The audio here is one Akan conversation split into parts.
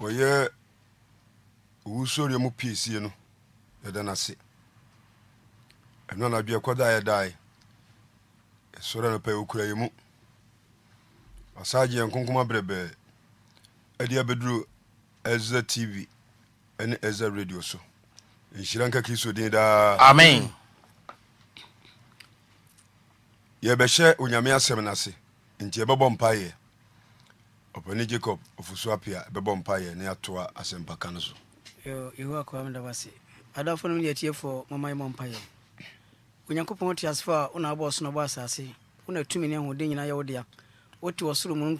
wɔyɛ owusoreɛ mu pie sie no yɛda no ase ɛno anadwoɛ kɔda yɛdae ɛsɔre anɔpɛ wɔkura yɛ mu ɔsaa gye yɛn konkom abrɛbɛɛ ade abɛduru ɛza tv ɛne ɛza radio so nhyira nka kristo din daa amen yɛbɛhyɛ onyame asɛm no ase nti yɛbɛbɔ mpayɛ ɔpani jacob ɔfuso apia bɛbɔ mpayɛ ne atoa asɛmpa ka no so yehowa koa meda wase adafo no mede atiefoɔ mamae mɔ mpayɛ onyankopɔn wote asefoɔ a wona abɔ ɔsono bɔ asase wona tumi ne ahoɔden nyinaa yɛ wo dea wote ɔsoro mu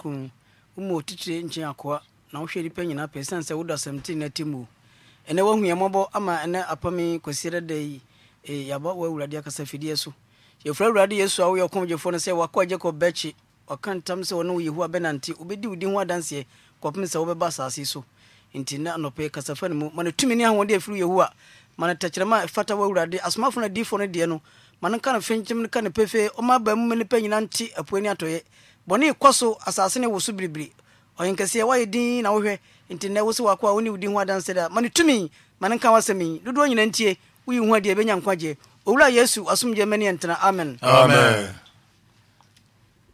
woma otitire nkyɛn akoa na wohwɛ nnipa nyinaa pɛ siane sɛ woda asɛmtene no atemmuo ɛnɛ woahu yɛmmɔbɔ ama ɛnɛ apame kwasiɛ dada e, yi yɛaba wo awurade akasa fidiɛ so yɛfura awurade yesu a woyɛ ɔkomgyefoɔ no sɛ wakɔ jacob bɛkye ɔka ntam sɛ ɔne wo yehowa bɛna nti wobɛdi wo din ho adanseɛ kɔpem sɛ wobɛba asase so nti na anɔpɛ kasafa no mu ma no tumi ne ahoɔde afiri yehowa ma no tɛkyerɛma ɛfata wo awurade asomafo no adiifoɔ no deɛ no ma no nka no fenkyem no ka no pefee ɔma ba mu ma nnipa nyina nte apuani atɔeɛ bɔne kɔ so asase ne wo so biribiri ɔyenkɛseɛ woayɛ din na wohwɛ nti nnɛ wo sɛ wakɔ a wone wo ho adanse da ma no tumi ma no nka wasɛm yi dodoɔ nyina ntie woyi ho adeɛ bɛnya nkwagyeɛ owura yesu asomgye mɛne yɛntena amen, amen. amen.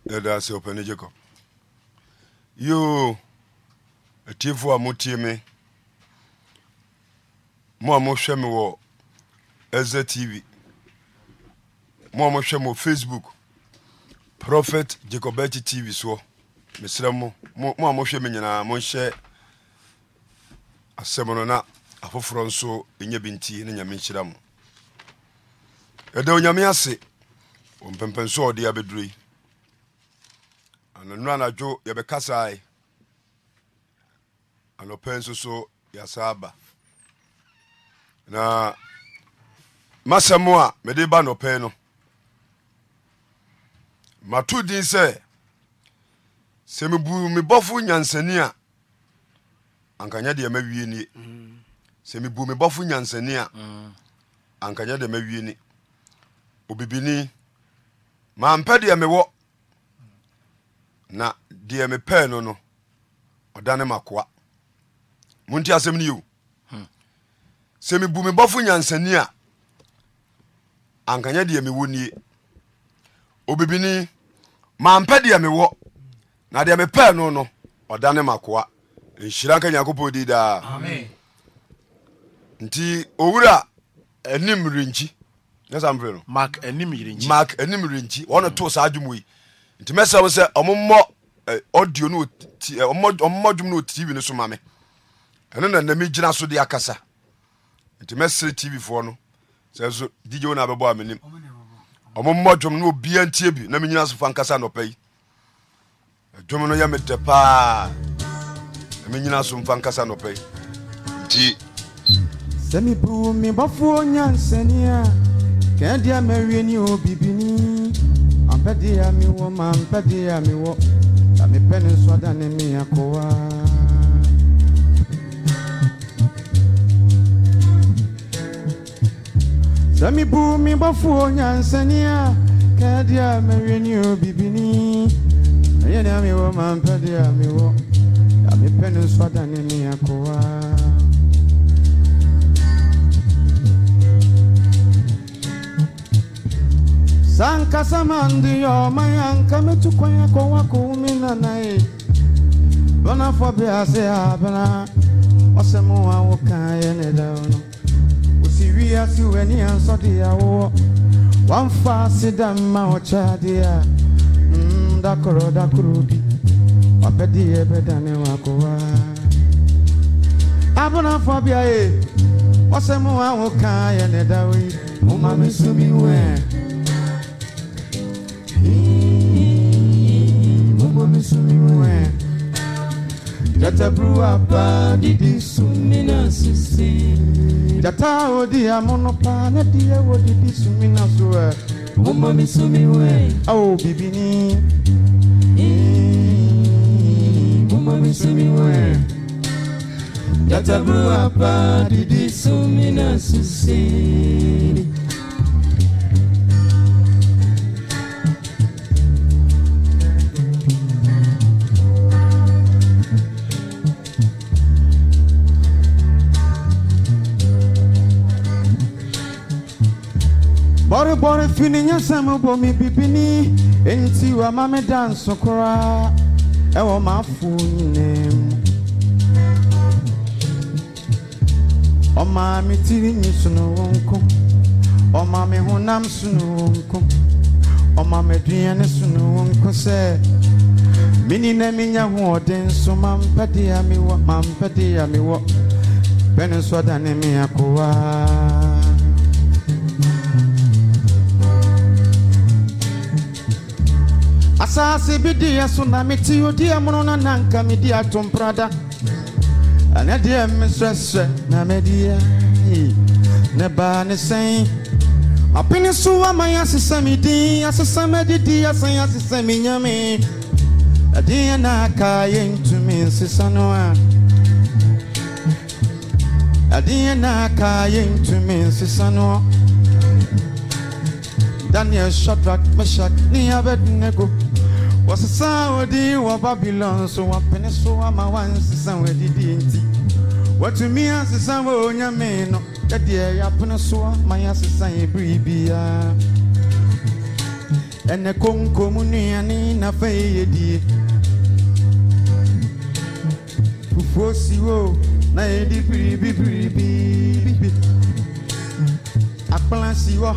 dada ase ɔpɛne jacob yoo atiefoɔ a motie me mo a mohwɛ me wɔ ɛza tv mo a mohwɛ me wɔ facebook prophet jacob ɛkyi tv soɔ mesrɛ mo mo a mohwɛ me nyinaa monhyɛ asɛm no na afoforɔ nso ɛnya bi nti ne nyame nhyira mo ɛda onyame ase ɔmpɛmpɛ nso a ɔde abɛduro yi anɔno anadwo yɛbɛkasae anɔpɛ nso so yɛasa aba na masɛm a mede ba nɔpɛ no mato din sɛ sɛ mebu me bɔfo nyansani a ankanyɛ deɛ mawie nie sɛ mebu me bɔfo nyansani a ankanyɛ deɛ mawie ni obibini mampɛ deɛ mewɔ na deɛ mepɛɛ no no ɔda ne makoa monti asɛm no yio hmm. sɛ mebu me bɔfo nyansani a ankanyɛ deɛ mewɔ nie obibini mampɛ deɛ mewɔ na deɛ mepɛɛ no no ɔda ne makoa nhyira nka nyankopɔn di daa nti owura anim renkyi mak anim renkyi ɔne to saa dwom yi nti mɛsɛ wo sɛ ɔmommɔ audio no ɔmommɔ dwom no tv no so ma me ɛno na nami gyina so de akasa nti mɛsere tv foɔ no sɛ so digye wo na bɛbɔ a menim ɔmommɔ dwom no obia ntie bi na menyina so fa nkasa nɔpa yi dwom no yɛ medɛ paa na menyina so mfa nkasa nɔpa yi nti sɛ mepuu me bɔfoɔ nyansɛne a kɛn deɛ mawie ne ɔ bibini mpɛ deɛ a mewɔ ma mpɛ deɛ a mewɔ na mepɛ ne nso ada ne me akɔwa sɛ mebu me bɔfoɔ nyansani a kɛɛ deɛ a mɛwɛni o bibini ɛyɛ ne a mewɔ ma mpɛ deɛ a mewɔ na mepɛ ne nso ada ne me sankasama ndị ọma ya nka metụkwa ya ka ọnwa ka ume na anaghị bọnafọ bịazi ha bịara ọsịm nwa nwoke anyị na-ede ọnụ osiri ya si wee n'ihe nsọ dị ya wụọ wamfa asị da mma ọcha dị ya ndakọrọ mm, dakọrọ bi ọbẹdi yẹ bẹ dani e, wa kó wa. bịa bíi ayé wọ́n sẹ́mu àwọn kan yẹn ní dáwé. mo máa mi sún mi wẹ̀. Jata brua pa didi sumina sisi Jata odi amono pa na dia wo didi sumina suwe Mumba mi sumiwe Oh bibini Mumba mi sumiwe Jata brua pa didi sumina sisi ɔrebɔre fi ne nyɛsɛm bɔ me bibini enti wama me da nso koraa ɛwɔ m'afo nyinam ɔmaa me tiri nyi sono wo nko ɔma me honam sono wo nko ɔma me aduane sono wo nko sɛ mini na minya hoɔden so mampɛdeɛ a mewɔ mampɛdeɛ a mewɔ bɛne nso ɔdane me akoaa asase bi di yɛ so na nanka me di ato mprada ɛnɛ deɛ ba na mɛdiɛ ne baa ne sɛn apene so ama yɛ asesa me din asesa mɛdidi asɛn nyame na aka yɛ ntumi nsesa no a ɛdeɛ na aka yɛ ntumi nsesa no Daniel Shadrach, Meshach, Abednego wɔsesa Saudi wɔ Babylon so wɔpene so ama wansesa wɔadidi nti wɔatumi asesa wɔ onyame no ɛdeɛ yɛapene so ama yɛasesa yɛ bere biara ɛnɛ konkomu nnuane na fa yɛyɛdie fufuo si wo na yɛdi biribibiribibi akpala si hɔ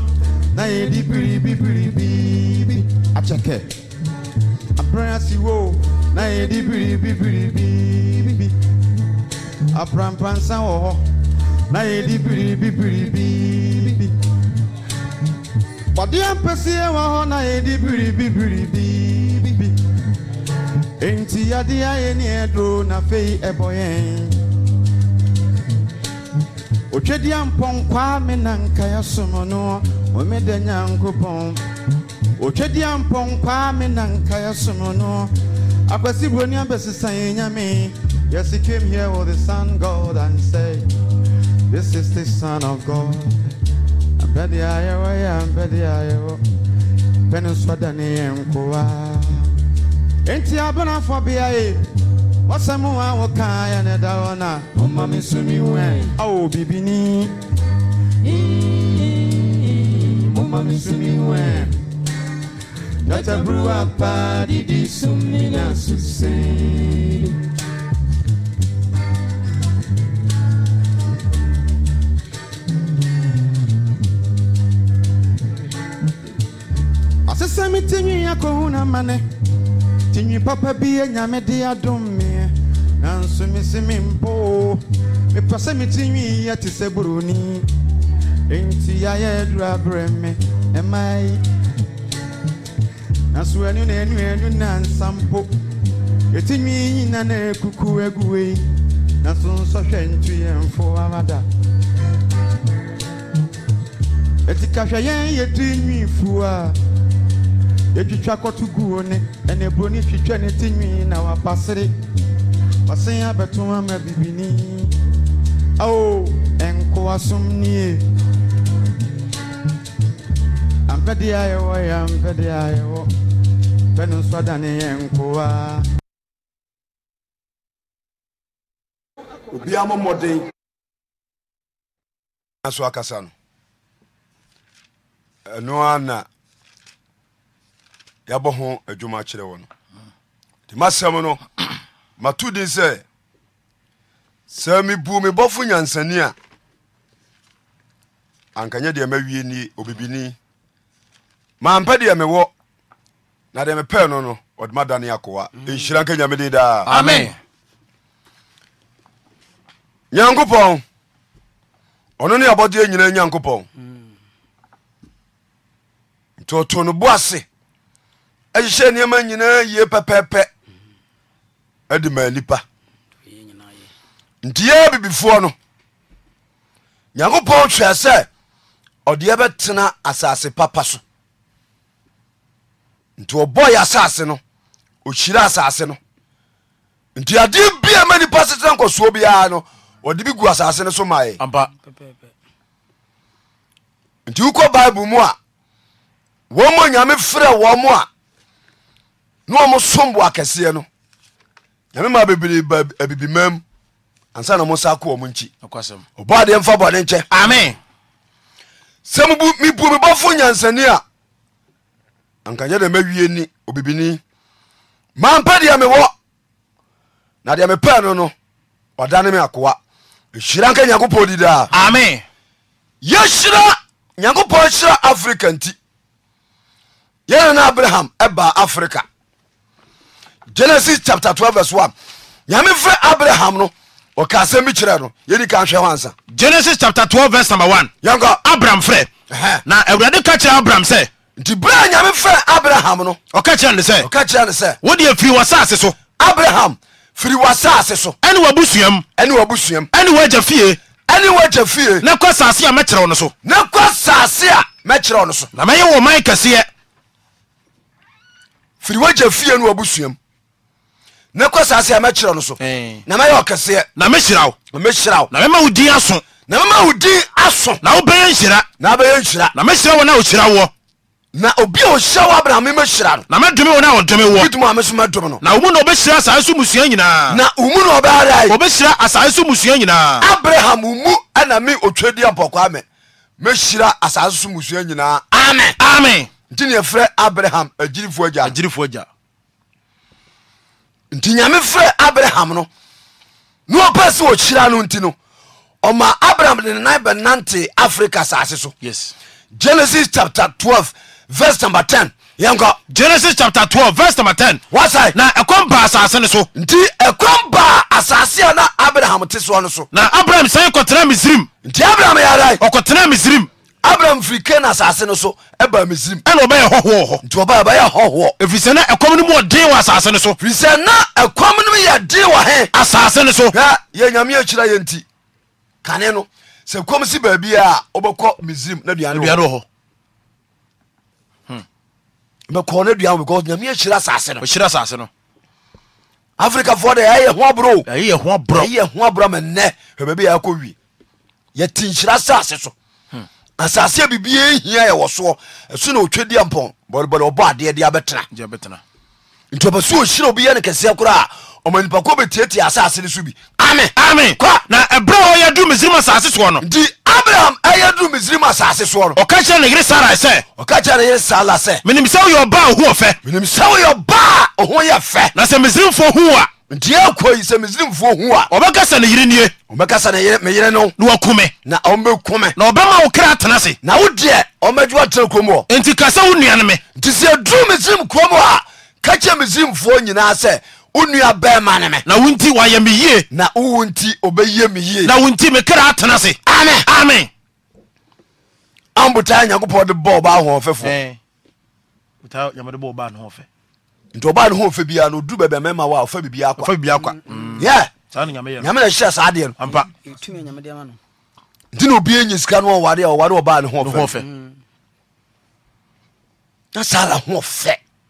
na yɛdi biribibiribibi akyɛkɛ abrasiwo na yɛ di biribibiribibi aprampansa wɔ hɔ na yɛ di biribibiribibi bɔdeɛ mpɛseɛ wɔ hɔ na yɛ di biribibiribibi enti yadeɛ ayɛ ne ɛduro na na nkaya som no otwadia mpɔ nkwaa me na nkaeɛ som no akwasi buroni abɛsesan nyame yes he came here with the sun god and say, this is the son of god abɛde ayɛwɔ yɛ abɛde ayɛwɔ pɛne nso da ne yɛ nkoa enti abenafo bea ye wɔsɛm a wɔkaa yɛ ne da hɔ na ɔma me so me hu ɛ awo bibini ɔma me so me hu ɛ Dr. Brewer pa di di sumina susei Asese mi ya akohuna mane Tinwi papa bi enyame di adumi nansu mi se mi mpo Me pese mi tinwi ya te buruni buroni ya ye dura breme Emai na so ɛnu na ɛnu ɛnu na nsa mpo eti nwi nyina na ekuku eguwe na so nso hwɛ ntu yɛ mfo abada eti kahwɛ yɛn yɛ di nwi fu a yɛtwitwa kɔtu guo ne ɛna ebroni twitwa ne ti nwi na wapasere wasen abɛto ama bibini ao ɛnko asom nie ampɛdeɛ ayɛwɔ yɛ ampɛdeɛ ayɛwɔ. twene nswadane yɛ nkoa obiaa mo mmɔden so akasa no ɛno a na yɛabɔ ho adwuma kyerɛ wɔ no nti masɛm no mato din sɛ sɛ mebu me bɔfo nyansani a ankanyɛ deɛ mawie ni obibini mampɛ deɛ mewɔ nademepɛ no nɔdmdaneawa hyira k nyameddaa nyankopɔn ɔno ne a bɔdeɛ nyina nyankopɔn nti ɔto no boase hyehyɛ nnoɛma nyinaa yi pɛpɛpɛ adema nipa nti yɛ bibifoɔ no nyankopɔn hwɛ sɛ ɔdeɛ bɛtena asase papa so nti ɔbɔ yɛ asase no ɔhyira asase no nti adeɛ bia ma nipa setera nkɔsoɔ biara no ɔde bi gu asase no so maɛ nti wokɔ bible mu a wɔ mɔ nyame frɛ wɔ mo a ne ɔmo som bo akɛseɛ no nyame ma bebree ba abibima mu ansa na mo sa kɔ ɔmo nkyi ɔbɔ adeɛ mfa bɔne nkyɛ sɛ mebu mebɔfo nyansani a ankanyɛ dɛ mɛwie ni obibini mampɛ deɛ mewɔ na deɛ mepɛ no no ɔdane me akoa ɛhyira nka nyankopɔn di daa ame yɛhyira nyankopɔn hyira afrika nti yɛnana abraham ɛbaa afrika genesis chapter 12 vs 1 nyame frɛ abraham no ɔka asɛm bi kyerɛ no yɛni ka nhwɛ hɔ ansa genesis chapter 12 vs number 1 yɛnkɔ abraham frɛ na awurade ka kyerɛ abraham sɛ nti berɛ a nyame fɛ abraham no ɔka kyerɛ ne sɛ ɔka kyerɛ ne sɛ wodeɛ firi wɔsase so abraham firi wɔsase so ɛne wabusuam ɛne wabusuam ɛne wagya fie ɛne wagya fie na kɔ sase a mɛkyerɛw no so na kɔ sase a mɛkyerɛw no so na mɛyɛ wɔ man kɛseɛ firi wagya fie ne wabusuam na kɔ sase a mɛkyerɛw no so na mɛyɛ ɔkɛseɛ na mɛhyiraw na mɛhyiraw na mɛma wo din aso na mɛma wo din aso na wobɛyɛ nhyira na wobɛyɛ nhyira na mɛhyira wɔ na wohyira woɔ na obi a ohyia wo abraham mɛhyira no na mɛdome wo na wɔdome wɔ bitumi a mesoma dom no na wo mu na ɔbɛhyira asase so musua nyinaa na wo mu na ɔbɛadae ɔbɛhyira asase so musua nyinaa abraham wo mu ɛna me otwadi apɔkwa me mɛhyira asase so musua nyinaa amen amen nti ne yɛfrɛ abraham agyirifoɔ agya agyirifoɔ agya nti nyame frɛ abraham no na ɔpɛ sɛ ɔhyira no nti no ɔma abraham de ne nan bɛnante africa asase so yes genesis chapter twelve verse number ten yɛnkɔ. genesis chapter twelve verse number ten. wasa yi. na ɛkɔm baa asase ni so. nti ɛkɔm baa asase a na abraham ti soɔ ni so. na abraham sɛn kɔtena misirim. nti abraham yàrá yi. ɔkɔtena misirim. abraham firi ken asase no so ɛba misirim. ɛna ɔbɛyɛ hɔhoɔ hɔ. nti ɔba ɛbɛyɛ hɔhoɔ. efisɛ na ɛkɔm ni mu wɔ den wɔ asase ni so. efisɛ na ɛkɔm ni mu yɛ den wɔ hɛn. asase ni so. hɛ yɛ nyame akyira yɛ nti kane no sɛ kɔm si baabi a ɔbɛkɔ misirim na duane wɔ hɔ mekɔɔ no aduan because nyame ahyira asase no ɔhyerɛ asase no africafoɔ de ɛyɛ ho aboro ɛyɛ ho aboro ɛyɛ ho aboro mɛnɛ ɛbɛbi yɛ akɔ wie yɛte nhyira asase so hmm. asase a bibie hia yɛwɔ soɔ ɛso na ɔtwa dia mpɔn bɔdebɔde ɔbɔ adeɛ de abɛtena nti ɔbɛ so ɔhyira obi yɛ no kɛseɛ koraa ɔma nipa kɔ bɛtiatia asase no so bi ame ame kɔ na ɛberɛ a ɔyɛ du misiri ma saase soɔ no nti abraham ɛyɛ duru misiri mu asase soɔ no ɔka kyerɛ ne yere sarai sɛ ɔka kyerɛ ne yere sala sɛ menim sɛ woyɛ ɔba a ɔhu ɔfɛ menim sɛ woyɛ ɔba a ɔho yɛ fɛ na sɛ misirimfoɔ hu a nti ɛkɔ yi sɛ misirimfoɔ hu a ɔbɛka sɛ ne yere nie ɔmɛka sɛ ne yere- me yere no na waku me na ɔmbɛku me na ɔbɛma wo kra atena na wo deɛ ɔmɛdwe watena kurom hɔ enti ka sɛ wo nua no me nti sɛ duru misirim kurom hɔ a ka kyerɛ misirimfoɔ nyinaa wo nua bɛɛma ne me na wonti wayɛ me yie na wowo nti obɛyɛ me yie na wonti me kra atena ase ame ame ambotaa nyankopɔn de bɔ ɔba ahoɔfɛfoɔ nti ɔba ne ho ɔfɛ biara no ɔduru baabi a mɛma wɔ a ɔfa biribiaa kwa mm. mm. yɛ nyame na ɛhyɛ saa deɛ no nti na obia nya sika no ɔware a ɔware ɔba ne ho ɔfɛ na saa la ho ɔfɛ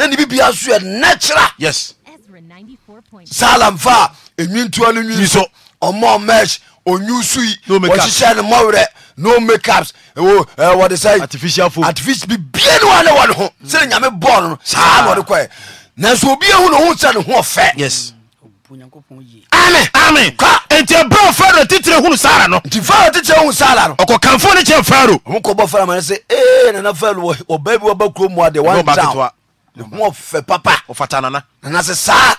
na ne bibia so yɛ natural yes salamfa a ɛnwintua no nwi so ɔmɔ mesh onyu sui ɔhyehyɛ no mɔwerɛ no makeups wɔde sɛ artificial foam artificial bibia ne wa ne wɔ ne ho mm. sɛne nyame bɔɔ no saa na ɔde kɔɛ nanso obi ahu ne ho sɛ ne ho ɔfɛ yes ame ka nti ɛbrɛ faro titire hunu sara no nti faro titire hunu sara no ɔkɔkamfo ne kyɛ faro ɔmokɔbɔ faro ma ne sɛ ee nana faro ɔbaa bi wɔba kurom mu adeɛ wantaw ne ho ɔfɛ papa fata nana nana sɛ saa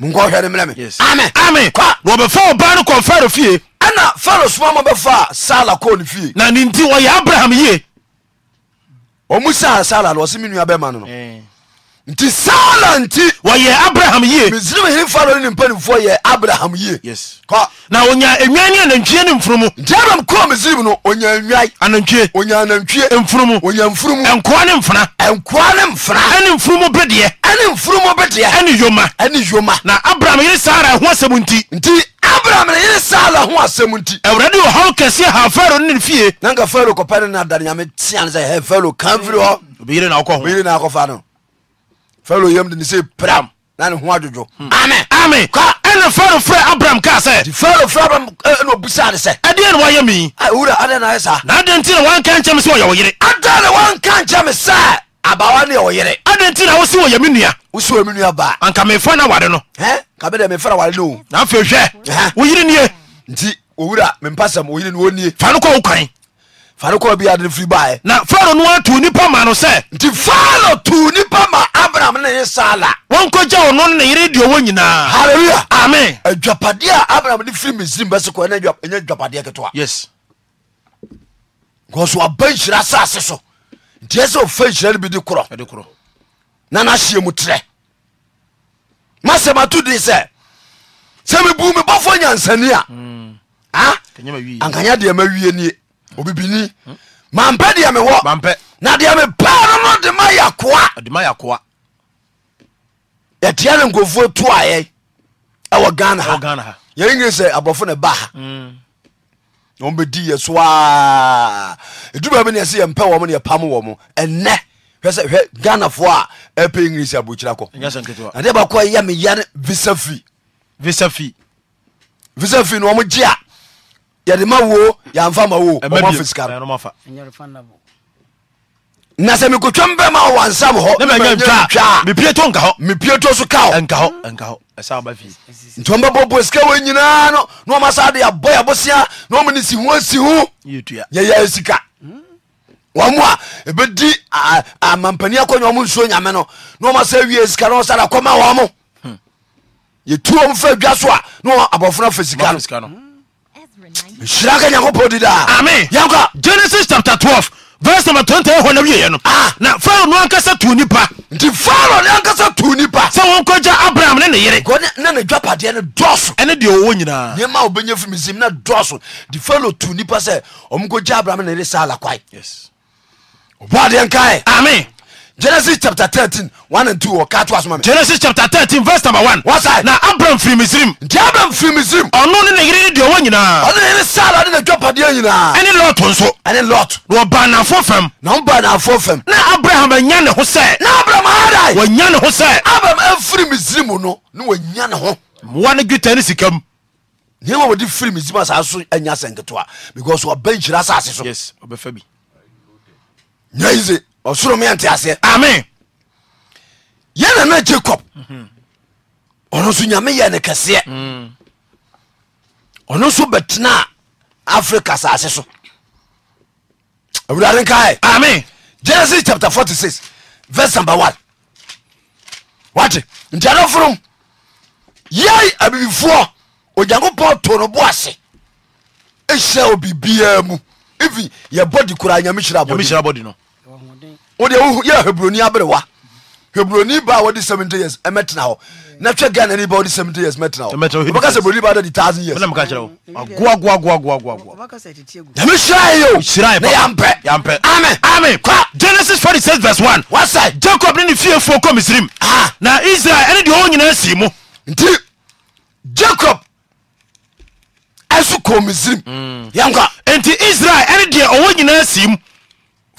monkɔ hwɛ Amen. Amen. me ame ame na o ba no kɔ faro fie ɛna faro soma ma bɛfaa sala kɔɔ ne fie na ne nti wɔyɛ abraham yie ɔmu saa sala no ɔse me nua bɛma no no eh. nti sala nti y abramye fɛlo yam de ne se pram na ne ho hmm. adwodwo amen amen ka ɛna fɛro frɛ abraham kaa sɛ fɛro frɛ abraham ɛna obusa ne sɛ ɛdeɛ na wayɛ mi wura adɛn na ayɛ saa na adɛn nti na wanka nkyɛ me sɛ ɔyɛ wo yere adɛn na wanka nkyɛ me sɛ abawa ne ɔyɛ yere adɛn nti na wosi wɔ yɛ me nua wosi wɔ me nua baa anka mefa na ware no ka bɛ dɛ mefa na ware no na afei hwɛ wo yere nie nti owura mempasɛm wo yere no wɔnie fa no kɔ wo kwan fareko bi ade firi baɛ na faro no ato nipa ma no sɛ nti faro to nipa ma abraham ne ne sala wɔnkɔgya ɔno ne yere deɛ wɔ nyinaa halleluya amen adwapadeɛ a abraham de firi misrim bɛse kɔ ɛnyɛ adwapadeɛ ketewa yes because waba nhyira asase so nti ɛ sɛ ɔfa nhyira no bi de korɔ na nahyeɛ mu terɛ masɛm ato de sɛ sɛ mebu mebɔfo nyansani a mm. ah, ankanya deɛ ni nie obibini mapɛ demew na demepan ndema yakoa yɛtia ne nkurofuo toayɛ ɛw ghanhygres abfon ahdiysoa ɛdubabi neseyɛmpɛmnyɛpamwm nɛ ghanafo a pɛ gsabkr k yɛ meyɛn vffvsafnomgyea yɛde ma wo yɛmfa ma wo ɔmɔfe sika no na sɛ mekotwam bɛ ma wɔ ansam hɔ mepie to nka hɔ mepie to so ka hɔ nti ɔmbɛbɔbɔ sika wɔ nyinaa no na ɔma sa de abɔ yɛbosea na ɔmane si ho si ho yɛyɛ sika wɔmo a ɛbɛdi amampani akɔnya ɔmo nsuo nyame no na ɔma sa wie sika na ɔsade akɔma wɔ mo hmm. yɛtuo m fa dwa so a na abɔfo no sika no nhyira ka nyankopɔn di daa ame yɛnka genesis chapter 12 verse number 28 hɔ na wieɛ no ah. na farao no ankasa tu nipa nti farao ne ankasa tu nipa sɛ wɔnkɔgya abraham ne ne yere na ne dwapadeɛ no dɔso ɛne deɛ ɔwɔ nyinaa nneɛma a wobɛnya fi misrim na dɔso nti farao tu nipa sɛ ɔmkɔgya abraham ne ne yere saa la kwae ɔbɔadeɛ nkae Amen. genesis 3gensis a3 na abram firi mezrem fr no n ne yere no dwa yinaap ne lsoba nfo fam nraa yan ho syan h sfrrwan witan sikamfr ɔsoro meyɛnte aseɛ ame yɛnana jacob ɔno nso nyame yɛ ne kɛseɛ ɔno nso bɛtenaa africa sase so awurade nkae Amen. genesis chapter forty six, verse number one. wate nti adɔforom yɛi abibifoɔ onyankopɔn to no bo ase ɛhyɛ wɔ biribiaa mu ifi yɛbɔdi koraa nyame hyira bɔdi no odehabrni brea nbaderaes ffs jacob okomernyns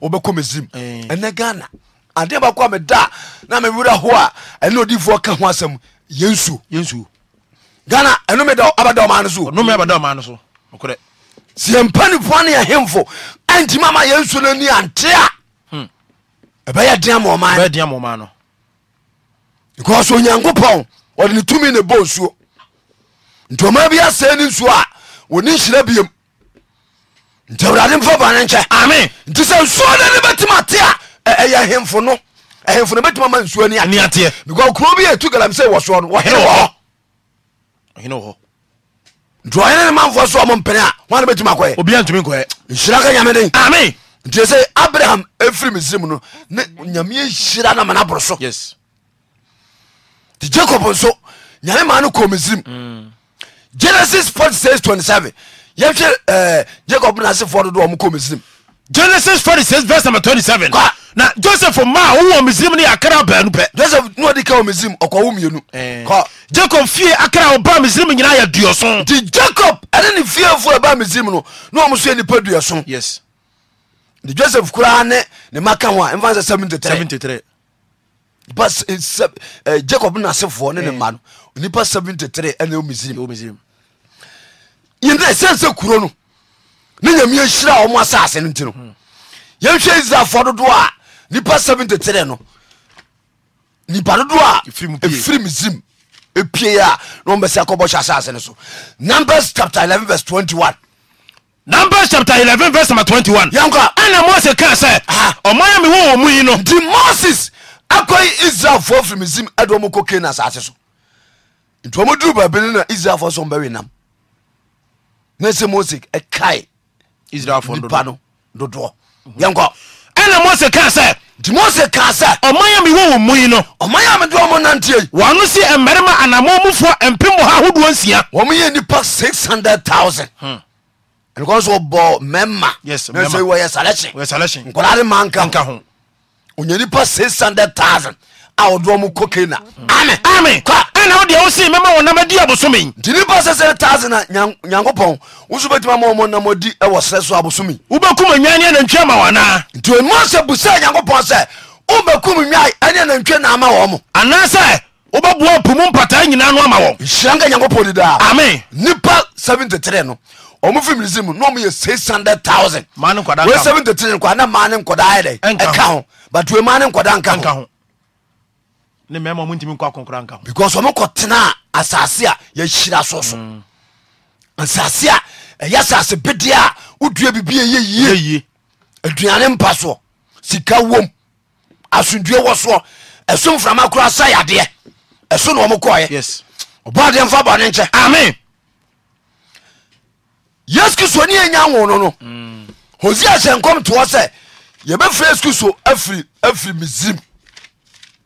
wobɛkɔ mesim eh. ɛnɛ ghana adeɛ me da, na mewerɛ ho a ɛne odifoɔ ka ho asɛm yɛnsuo ghana ɛnomeda abada ɔma no so sɛmpa nipoa ne yɛhemfo antimi ama yɛnsuo no ani ante a hmm. ɛbɛyɛ dea ma ɔma no because onyankopɔn ɔde ne tumi ne bɔ nsuo nti ɔma bi asɛe ne nsuo a wɔne nhyira biam nti awurade mfa bane nkyɛ ame nti sɛ nsuo no ne bɛtumi ate a ɛyɛ ahemfo no ahemfo no bɛtumi ama nsuo ne aneateɛ because kuro bi yɛtu galam sɛ wɔ soɔ no wɔhene wɔ hɔ nti ɔhene ne manfoɔ so ɔmo mpene a wane bɛtumi akɔɛ obia ntumi nkɔɛ nhyira ka nyame den ame nti sɛ abraham ɛfiri misrim no ne nyame hyira na ma no so yes nti jacob nso nyame ma no kɔ misrim mm. genesis 46 27 yɛhwɛ eh, jacob nasefoɔ dodoɔ ɔmo kɔ misrim genesis 46 verse number 27 Kwa. na joseph ma wowɔ misrim ne yɛakra baanu pɛ joseph ne ɔde ka wɔ misrim ɔkɔwo mmienu eh. Kɔ. jacob fie akra ɔba misrim nyinaa yɛ duɔso nti jacob ɛne ne fiefoɔ ɛba misrim no na ɔmo so yɛ nipa duɛso yes nti joseph koraa ne ne maka ho a ɛmfa sɛ 73 73 nipa s- eh, sɛ- eh, jacob nasefoɔ ne ne eh. ma no nipa 73 ɛne wɔ misrim misrim yɛndɛ ɛsɛn sɛ kuro no ne nyame hyira ɔmo asase no nti no yɛnhwɛ israelfoɔ dodoɔ a nipa 73 no nipa dodoɔ a ɛfiri misrim ɛpie a na ɔmbɛsɛ kɔbɔhyɛ asase no so numbers chapter eleven verse twenty one, numbers chapter eleven verse number 21 yɛnkɔ ɛna mose kaa sɛ ɔman a mewɔ wɔ mu yi no nti moses akɔyi israelfoɔ firi misrim ɛde ɔmo kɔ kana asase so nti ɔmo duru baabi no na israelfoɔ so ɔmbɛwe nam mese mose ɛkae israelnipa no dodoɔ yɛnkɔ ɛna mose kaa sɛ nti mose kaa sɛ ɔman a mewɔ wɔ mu yi no ɔman a mede ɔmo nantie wɔno se mmarima anammɔ mufoɔ mpem ha ahodoɔ nsia wɔmoyɛ nnipa 600000 ɛnekɔ so wɔbɔ mɛma nso wɔyɛ selection nkɔla de ma nka ho onya nipa 600000 a wɔdoɔ mo kokena hmm. ame ame kwa ɛna wode wo se mɛma wɔnam adi abosome yi nti nipa sɛsɛ taase na nyankopɔn wo bɛtumi ama ɔmɔ adi ɛwɔ sɛ so abosome wobɛkum anwa anantwi ama wɔ anaa nti onuma sɛ busa nyankopɔn sɛ wobɛkum nwa ɛne anantwi na ama wɔ mo anaasɛ wobɛboa po mu mpataa nyinaa no ama wɔn nhyira nka nyankopɔn didaa ame nipa 73 no ɔmo fi mirisi mu n'ɔmo yɛ six hundred thousand. maa ni maa ni nkɔda ayɛ dɛ ɛka ho but maa ni nkɔda nka ho. ne mmarima ɔmo ntumi nkɔ akonkora nka ho because ɔmo kɔ tena asase a yɛhyira so so mm. asase a ɛyɛ asase bedeɛ a wodua bibi ɛyɛ yie yie aduane mpa soɔ sika wom asomdue wɔ soɔ ɛso mframa koraa sa yadeɛ ɛso na ɔmo kɔɔyɛ ɔbɔdeɛ mfa bɔne nkyɛ amen yesu kristo ne yɛnya wo no no mm. hosea hyɛ nkɔm toɔ sɛ yɛbɛfrɛ yesu kristo afiri afiri misrim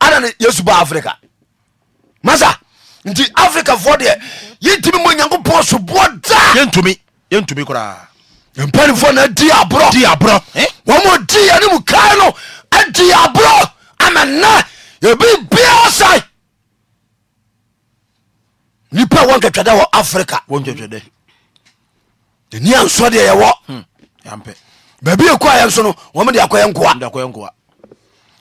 anane yesu ba Afrika, masa nti Afrika foɔ deɛ mo mɔ nyankopɔn soboɔ daa yentumi yɛntumi koraa mpanimfoɔ na adi aborɔ di aborɔ eh? wɔn di yɛn mu kaa no adi aborɔ ama nna ebi bia ɔsan nipa wɔn kɛtɛdɛ wɔ africa wɔn kɛtɛdɛ ani ansɔ deɛ yɛwɔ hmm, baabi ekɔ a yɛn so no wɔn de akɔ yɛn nkoa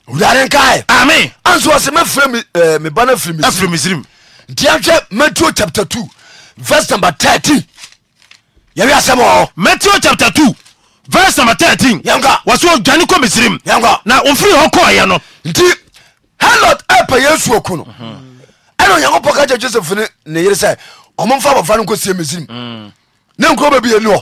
wurare nkae ami anso ɔsɛ mɛfrɛ eh, me ba no afiri afiri misirim ntiahwɛ matthew chapter 2 verse number 13 yɛwe asɛm ɔ matthew chapter 2 verse number 13 yɛnka wɔsɛ ɔdwane kɔ misirim yɛnka na ɔmfiri hɔ kɔɔyɛ no nti helot ɛpɛ yesu aku no ɛna onyankopɔn ka kyɛ joseph ne ne yere sɛ ɔmomfa abɔfra no nkɔsie misirim mm. ne nkuro baabi ɛni hɔ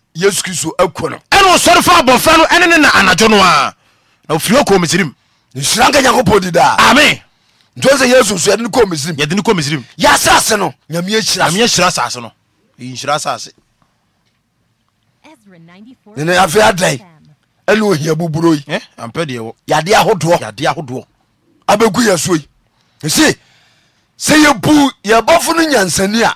yesu kristo aku no ɛne ɔsɔre fa abɔfra no ɛne ne na anadwo no a na ofiri ɔkɔ misirim nhyira nka nyankopɔn di daa ame ntɔn sɛ yesu nso yɛde no kɔ misirim yɛde no kɔ misirim yɛasase no nyameɛ hyira nyameɛ hyira asase no nhyira asase nene afei adɛn ɛne ohia buburo yi ampɛ deɛ wɔ yadeɛ ahodoɔ yadeɛ ahodoɔ abɛgu yɛ so yi ɛsi sɛ yɛbu yɛbɔfo no nyansani a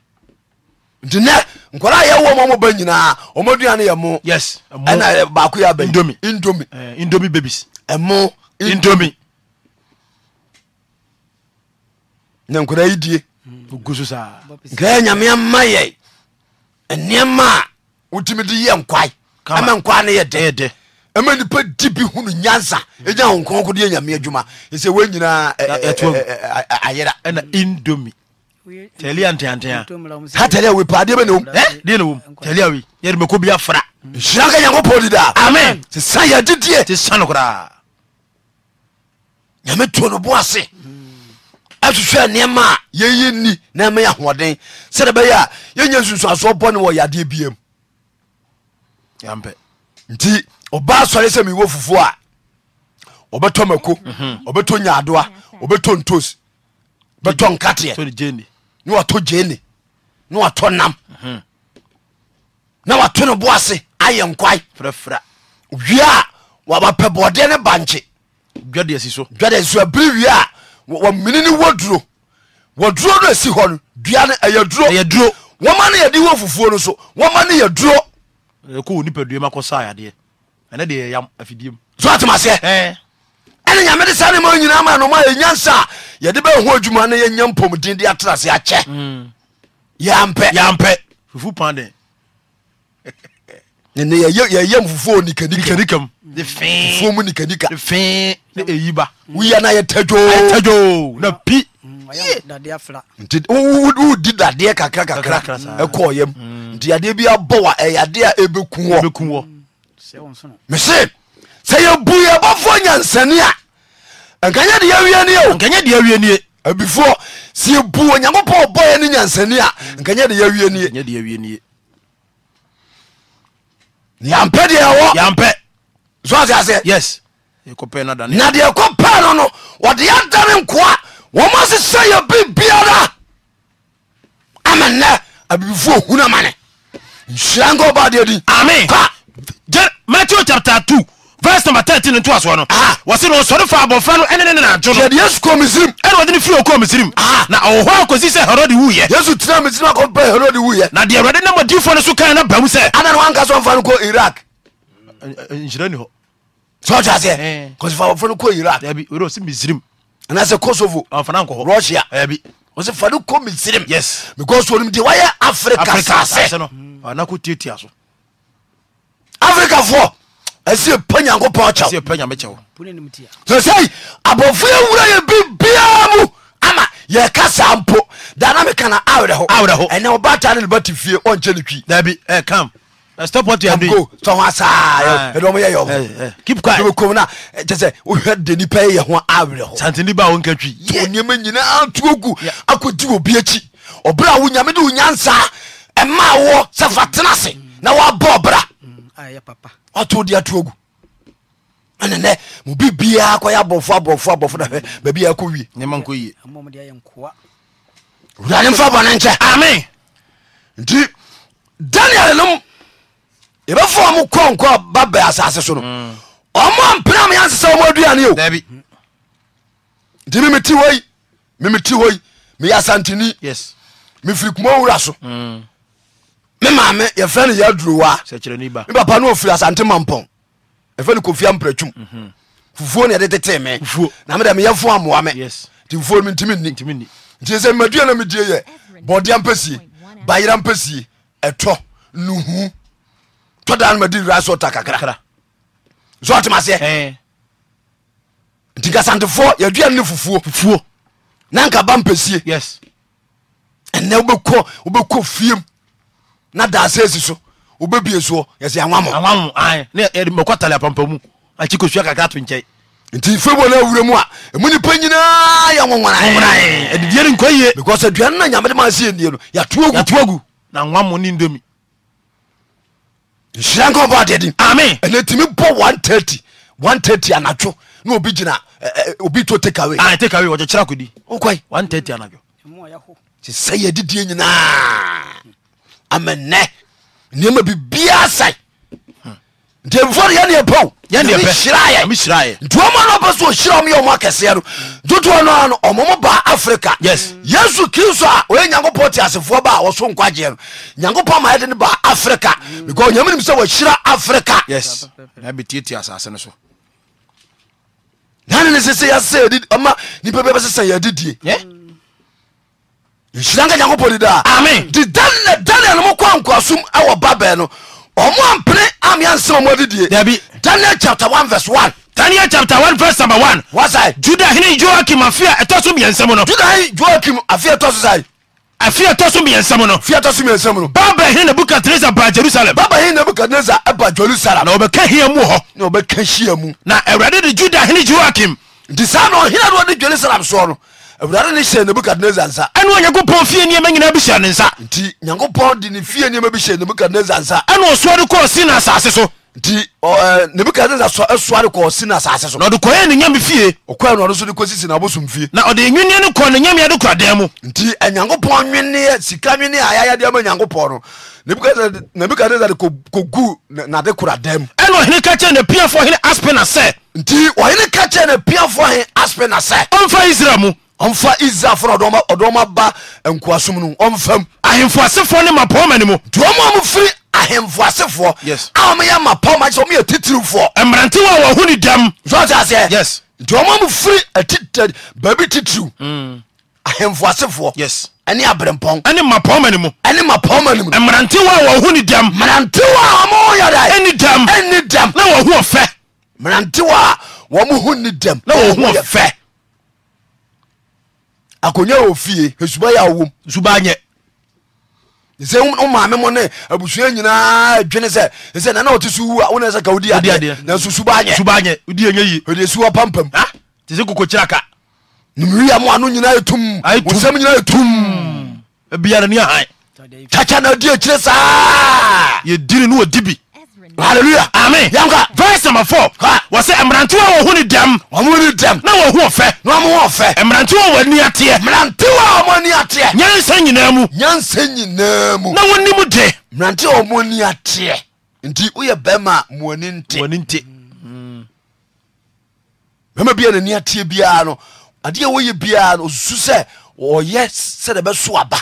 ntinɛ nkara yɛwɔmɔmɔba nyinaa ọmụmụ yɛ mo ɛna baako yɛ aba indomi indomi babies ɛmo indomi na nkara yi die mm, ogu so ma yɛ nneɛma wotumi de yɛ nkwae ama nkwae no yɛ dɛ nipa di bi hunu adwuma ɛsɛ wɔn nyinaa ɛna indomi tɛlia nteantea ha tɛlia wei paadeɛ bɛ newom deɛ ne wom tɛlia wei yɛde mɛkɔ bi afra nhyira mm. ka nyankopɔn didaa amen sɛ sa yɛadedie te sa no koraa nyame tuo no bo ase asusuɛ nneɛma a yɛyɛ nni na ɛma yɛ ahoɔden sɛde bɛyɛ a yɛnya nsunsuasoɔ bɔne wɔ yadeɛ biam yampɛ nti ɔba sɔre sɛ mewɔ fufuo a ɔbɛtɔ mako ɔbɛtɔ nyaadoa ɔbɛtɔ ntos bɛtɔ nkateɛ ne watɔ gyene ne watɔ nam mhm. na wato no boase ayɛ nkwae frɛfra wie a wabapɛ bɔɔdeɛ ne bankye dwade asi so dwade asi so abere wie wamini ne waduro waduro no asi hɔ no dua no ɛyɛ duro ɛyɛ duro wɔma no yɛde wɔ fufuo no so wɔma no yɛ duro ɛkɔ wɔ nipadua mu akɔ saa yadeɛ ɛnɛ deɛ yɛyam afidie mu so atem aseɛ neyame de sane ma nyinama nma ɛyasɛa yɛde bɛho adwuma no yɛya mpoden de teas akyɛ ppaas s yɛbu yaɔfɔ yansani nkeye deyawiniey dai sɛb nyankupɔn bɔɛne yansani ky dyypɛna deyɛko pɛ no no ɔdeyadane nkoa ama sesɛ yabi biara amenɛ abifoo ohuna mane sirakbaddmattew chapr t verse number thirteen nto ah. asoɔ no wɔsi na ɔsɔre fa abɔfra no ɛne ne ne n'adwo no yɛde yesu kɔ misirim ɛna wɔde ne firi ɔkɔ misirim ah. na ɔwɔ hɔ akɔsi sɛ herode wuyɛ yesu tena misirim akɔpɛ herode wuyɛ na deɛ awurade nam adiifoɔ no so kan na bam sɛ ana na wanka sɛ ɔmfa no kɔ irak nhyira ni hɔ sɛ ɔkyɛ aseɛ eh. kɔsifa abɔfra no kɔ irak dabi wɔde ɔsi misirim anaasɛ kosovo ɔmfana nkɔ hɔ russia dabi ɔsi fa no kɔ misirim yes because wɔnum deɛ wayɛ afrika sase afrika foɔ sɛ ypa yankopɔn kyɛo sose abofo yawura yebibiamu ama yɛka sa po anekan whfe knyn yina uu kdi biki bwoyamedoyasa mawo sɛ fa tenase na wab bra mm, ato de ato agu ɛnenɛ mobi biaa kɔyɛ abɔfo abɔfo abɔfo dahwɛ baabi akɔ wie nneɛma nkɔ yie wurade mfa bɔne nkyɛ ame nti daniel nom yɛbɛfa mo kɔnkɔ ba bɛ asase so no mm. ɔmo ampena me yanse sɛ ɔmo aduane o nti memete hɔ yi memete hɔ yi meyɛ asanteni mefiri kuma wura so mm me maame yɛfrɛ no yɛadurowa me papa no ɔfiri asante ma mpɔn ɛfrɛ no kofia mpratwum fufuo ne yɛde tete me na mede meyɛfo amoa me nti fufuo no mentimi nni nti sɛ madua no medie yɛ bɔdea mpasie bayera mpasie ɛtɔ nuhu tɔda no madi ra sɛ ɔta kakra so ɔtem aseɛ nti kasantefoɔ yɛdua no ne fufuo fufuo na nka ba mpasie ɛnɛ wobɛkɔ fiem na dase si so obɛbie soɔ yɛsɛ kakra to nti febo awura mu a ɛmu nipa nyinaa yɛ because aduane na no gu na nwamo ne ndomi nhyira nka ɔbɔ adeɛ din ame ɛnɛ tumi bɔ one thirty anadwo na obi gyina obi to takeaway takeaway ɔgyekyerɛ kodi wokɔi 130 anadwo sɛ nyinaa amene nema bibia sai nt befoyaneprmerkes tn mmo ba africa yesu krist yankupn tsf sonk yankop ba fricayamn era frikanes nhyira nka nyankopɔn didaa amen de daniel no mo kɔ ankoasom ɛwɔ babel no ɔmo ampene ameansɛm ɔmo adidie dabi daniel chapter one verse one. daniel chapter one verse number 1 wasae juda hene joakim afe a ɛtɔ so mmiɛnsɛm no juda hene joakim afe a ɛtɔ so sae afe a ɛtɔ so mmiɛnsɛm no afe a ɛtɔ so mmiɛnsɛm no babel hene nebukadnezar baa jerusalem babel hene nebukadnezar ɛba jerusalem na wɔbɛka hia mu hɔ na wɔbɛka hyia mu na awurade de juda hene joakim nti saa na ɔhene no ɔde jerusalem soɔ no awurade ne hyɛ nebukadnezar nsa ɛne onyankopɔn fie nneɛma nyinaa bi hyɛ ne nsa nti nyankopɔn de ne fie nneɛma bi hyɛ nebukadnezar nsa ɛne ɔsoare kɔɔ sina asase so nti nebukadnezar soare kɔɔ sina asase so na ɔde kɔyɛ ne nyame fie ɔkɔɛ na ɔno so de kɔsisi na abosom fie na ɔde nwenneɛ no kɔ ne nyame ade koradan mu nti anyankopɔn nwenneɛ sika nwenneɛ ayayade ma nyankopɔn no nebukadnezar de kɔgu nade koradan mu ɛne ɔhene ka kyerɛ napiafoɔ hene aspena sɛ nti ɔhene ka kyerɛ napiafoɔ he aspena sɛ ɔmfa israel mu ɔmfa israelfo na ɔdɔm aba nkoasom no ɔmfam ahemfo asefoɔ ne mapɔma ne mu nti ɔma mfiri ahemfo asefoɔ a ɔmyɛ mapɔma kyɛ ɔmyɛ titirifoɔ mmerante wa wɔho ne dam sɔtaseɛ nti ɔma mfiri baabi titiriw mm. ahemfo asefoɔ ɛne abrɛmpɔn ɛne mapɔma ne mu ɛne mapɔma ne mu mmerante wa wɔho ne dam mmerante wa ɔmyɛ da ɛne dam ɛne dam na wɔho ɔfɛ mmerante wa wɔmo ho ne dam na wɔho ɔfɛ koyafie esuba yawo subaye se omamemone abusua yina ine seenot sodsbysw papase koo cire ka e mn yinyntbn aan dikire sa yedinnwadib aeluars n ɔranteon neyinaamn ntn teɛ nt woyɛ ɛm monbma mm-hmm. bianniateɛ biaa no adeɛ wɔyɛ baasssɛ ɔyɛ sɛ dɛbɛso aba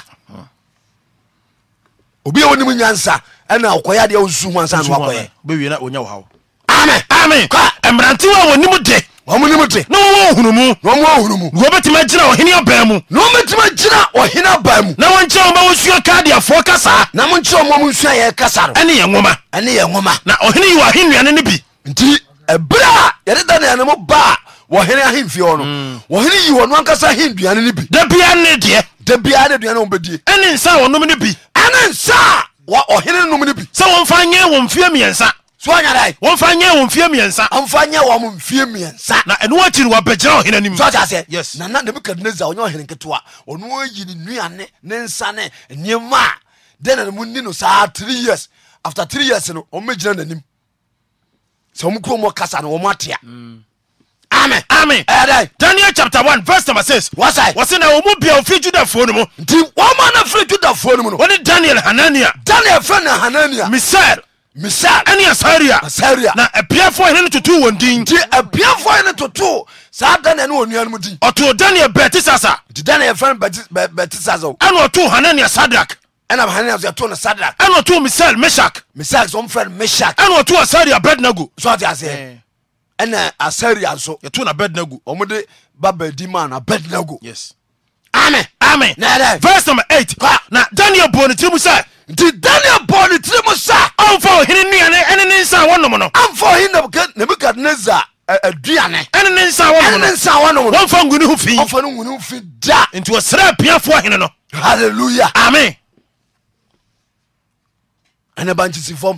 oba wonem yansa ɛna ɔkɔyɛ adeɛ ɔnsu ho ansa na wakɔyɛ na ɔnya wɔ amen amen kɔ mmerantewa a wɔnim de wɔn nim de na wɔn wɔ ohunu mu na wɔn wɔ ohunu na wɔbɛtumi agyina ɔhene aban mu na wɔbɛtumi agyina ɔhene aban mu na wɔn nkyɛn wɔn wɔsua kaadiafoɔ kasa na wɔn nkyɛn wɔn nsua yɛ kasa no ɛne yɛ nwoma ɛne yɛ nwoma na ɔhene yi wɔ ahennuane no bi nti ɛbira yɛde da na yɛnum baa wɔhene ahemfie hɔ no mm. wɔhene yi wɔn ankasa ahennuane no bi dabia ne deɛ dabia ne deɛ ne wɔn bɛdie ɛne nsa wɔnom no bi ɛne nsa ɔhene nom no bi sɛ wɔmfa nyɛ wɔ mfie mmiɛnsa so anyada wɔmfa nyɛ wɔ mfie mmiɛnsa ɔmfa nyɛ wɔ mo mfie mmiɛnsa na ɛno akyiri wɔabɛgyina ɔhene anim sɔta sɛ nana nebukadnezar ɔnyɛ ɔhene ketewa ɔno ayi ne nnuane ne nsa ne nneɛma a dɛn na mo ni no saa three years after three years no ɔmɛgyina n'anim sɛ ɔmo kurom kasa no ɔmo atea mm amen amen eh, daniel chapter one verse number six wɔsɛ wɔsɛ na wɔn mu bia ofiri judafoɔ no mu nti wɔn mu ana firi judafoɔ no mu no daniel hanania daniel fɛn na hanania misɛl misal ɛne asaria asaria na apiafoɔ hene no totoo wɔn din nti apiafoɔ hene totoo saa daniel ne wɔnua no mu din ɔtoo daniel beltesasa nti daniel frɛ no beltesasa o ɛna ɔtoo hanania sadrak ɛna hanania nso yɛtoo no sadrak ɛna ɔtoo misal meshak meshak sɛ ɔmfrɛ meshak ɛna ɔtoo asaria abednago so ɔte aseɛ ɛna asaria nso yɛto na bednago ɔmode babadi ma na bednago yes amen amen nɛdɛ verse number eight ka na daniel bɔ ne tirim sɛ nti daniel bɔ ne tirim sɛ ɔmfa ɔhene nnuane ɛne ne nsa a wɔnom no amfa ɔhene nebukadnezar aduane ɛne ne nsa a wɔnom no nsa a wɔnom no wɔmfa ngu ne ho fi ɔmfa no ngu ho fi da nti wɔsrɛ apiafoɔ ɔhene no hallelujah amen ɛnɛ ba nkyisi fam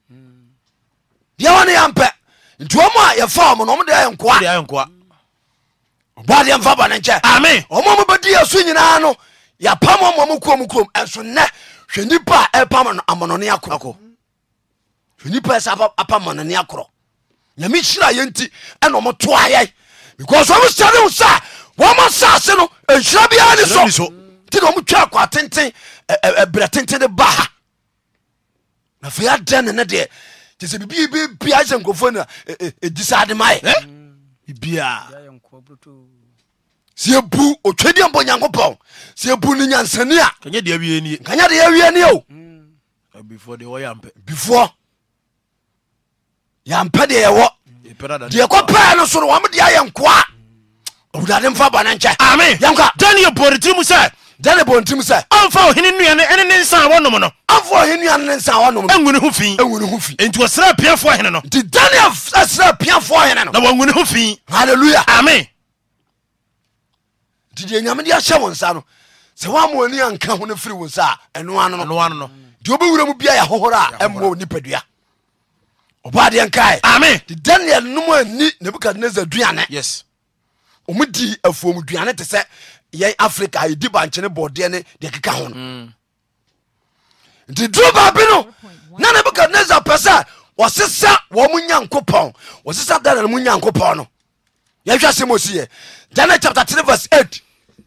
yawane yampɛ nti om a yɛfak di aso yina no apano pra nys ran ma a e denene de nti sɛ bibi bi bia sɛ nkurɔfoɔ na ɛdi e, e, sa ade ma yɛ bibia sɛ yɛbu otwadiɛ mpɔ nyankopɔn sɛ yɛbu no nyansani a nkanyɛ deɛ awie mm. ne o bifoɔ yɛmpɛ deɛ yɛwɔ deɛ ɛkɔ no so no wɔm deɛ ayɛ nkoa owurade mfa bɔne nkyɛ ame yɛnka daniel bɔretiri mu sɛ dane bɔntim sɛ amfa ɔhene nnuane ɛne ne nsa a wɔnom no amfa ɔhene nnuane ne nsa a wɔnom no ɛngu ne ho fii ɛngu ne ho fii enti ɔsrɛ piafoɔ hene no nti daniel ɛsrɛ eh, piafoɔ hene no na wɔngu ne ho fii halleluya amen nti deɛ nyame de ahyɛ wo nsa no sɛ woama w'ani anka ho no firi wo nsa a ɛnoa no noa no deɛ wobɛwura mu bia yɛhohoro a ɛmmoa wo nipadua ɔbaadeɛ nkae amen nti daniel nom ani nebukadnessar duane yes ɔmu dii afuom duane te sɛ yɛ afrika yɛdi ba nkyene bɔɔ deɛ ne deɛ keka hono nti duro baabi no na nebukadnazsa pɛ sɛ ɔsesa wɔ m ya nkopɔn ɔsesa danano mu nya nkopɔn no yɛhwɛ sɛmɔosiɛ gyane chap 3 vs8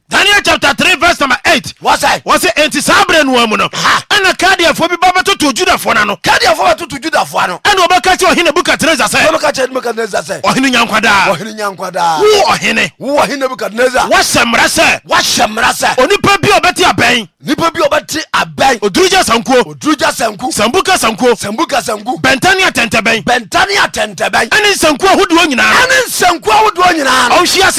daniel chapter three verse number eight. wɔsɛ. wɔsɛ enti saa abirɛ nuwa mu no. ɛna kaadiɛfo bi ba bɛ tutu judafoɔ n'ano. kaadiɛfo bɛ tutu judafoɔ ano. ɛna o bɛ kɛ sɛ ɔhinɛ nebukadnezar sɛ. ɔbɛ kɛ sɛ nebukadnezar sɛ. ɔhinɛ nyankwadaa. ɔhinɛ nyankwadaa. wu ɔhinɛ. wu ɔhinɛ nebukadnezar. wɔsɛ mmerɛ sɛ. wɔsɛ mmerɛ sɛ. onipa bi ɔbɛ ti abɛn. nipa bi ɔbɛ ti abɛn. oduruja sankuo. oduruja sanku. sambuka sankuo. sambuka sanku. bɛntani atɛntɛbɛn. bɛntani atɛntɛbɛn. ɛni nsankuo ahodoɔ nyinaa. ɛni no. ɔnhyia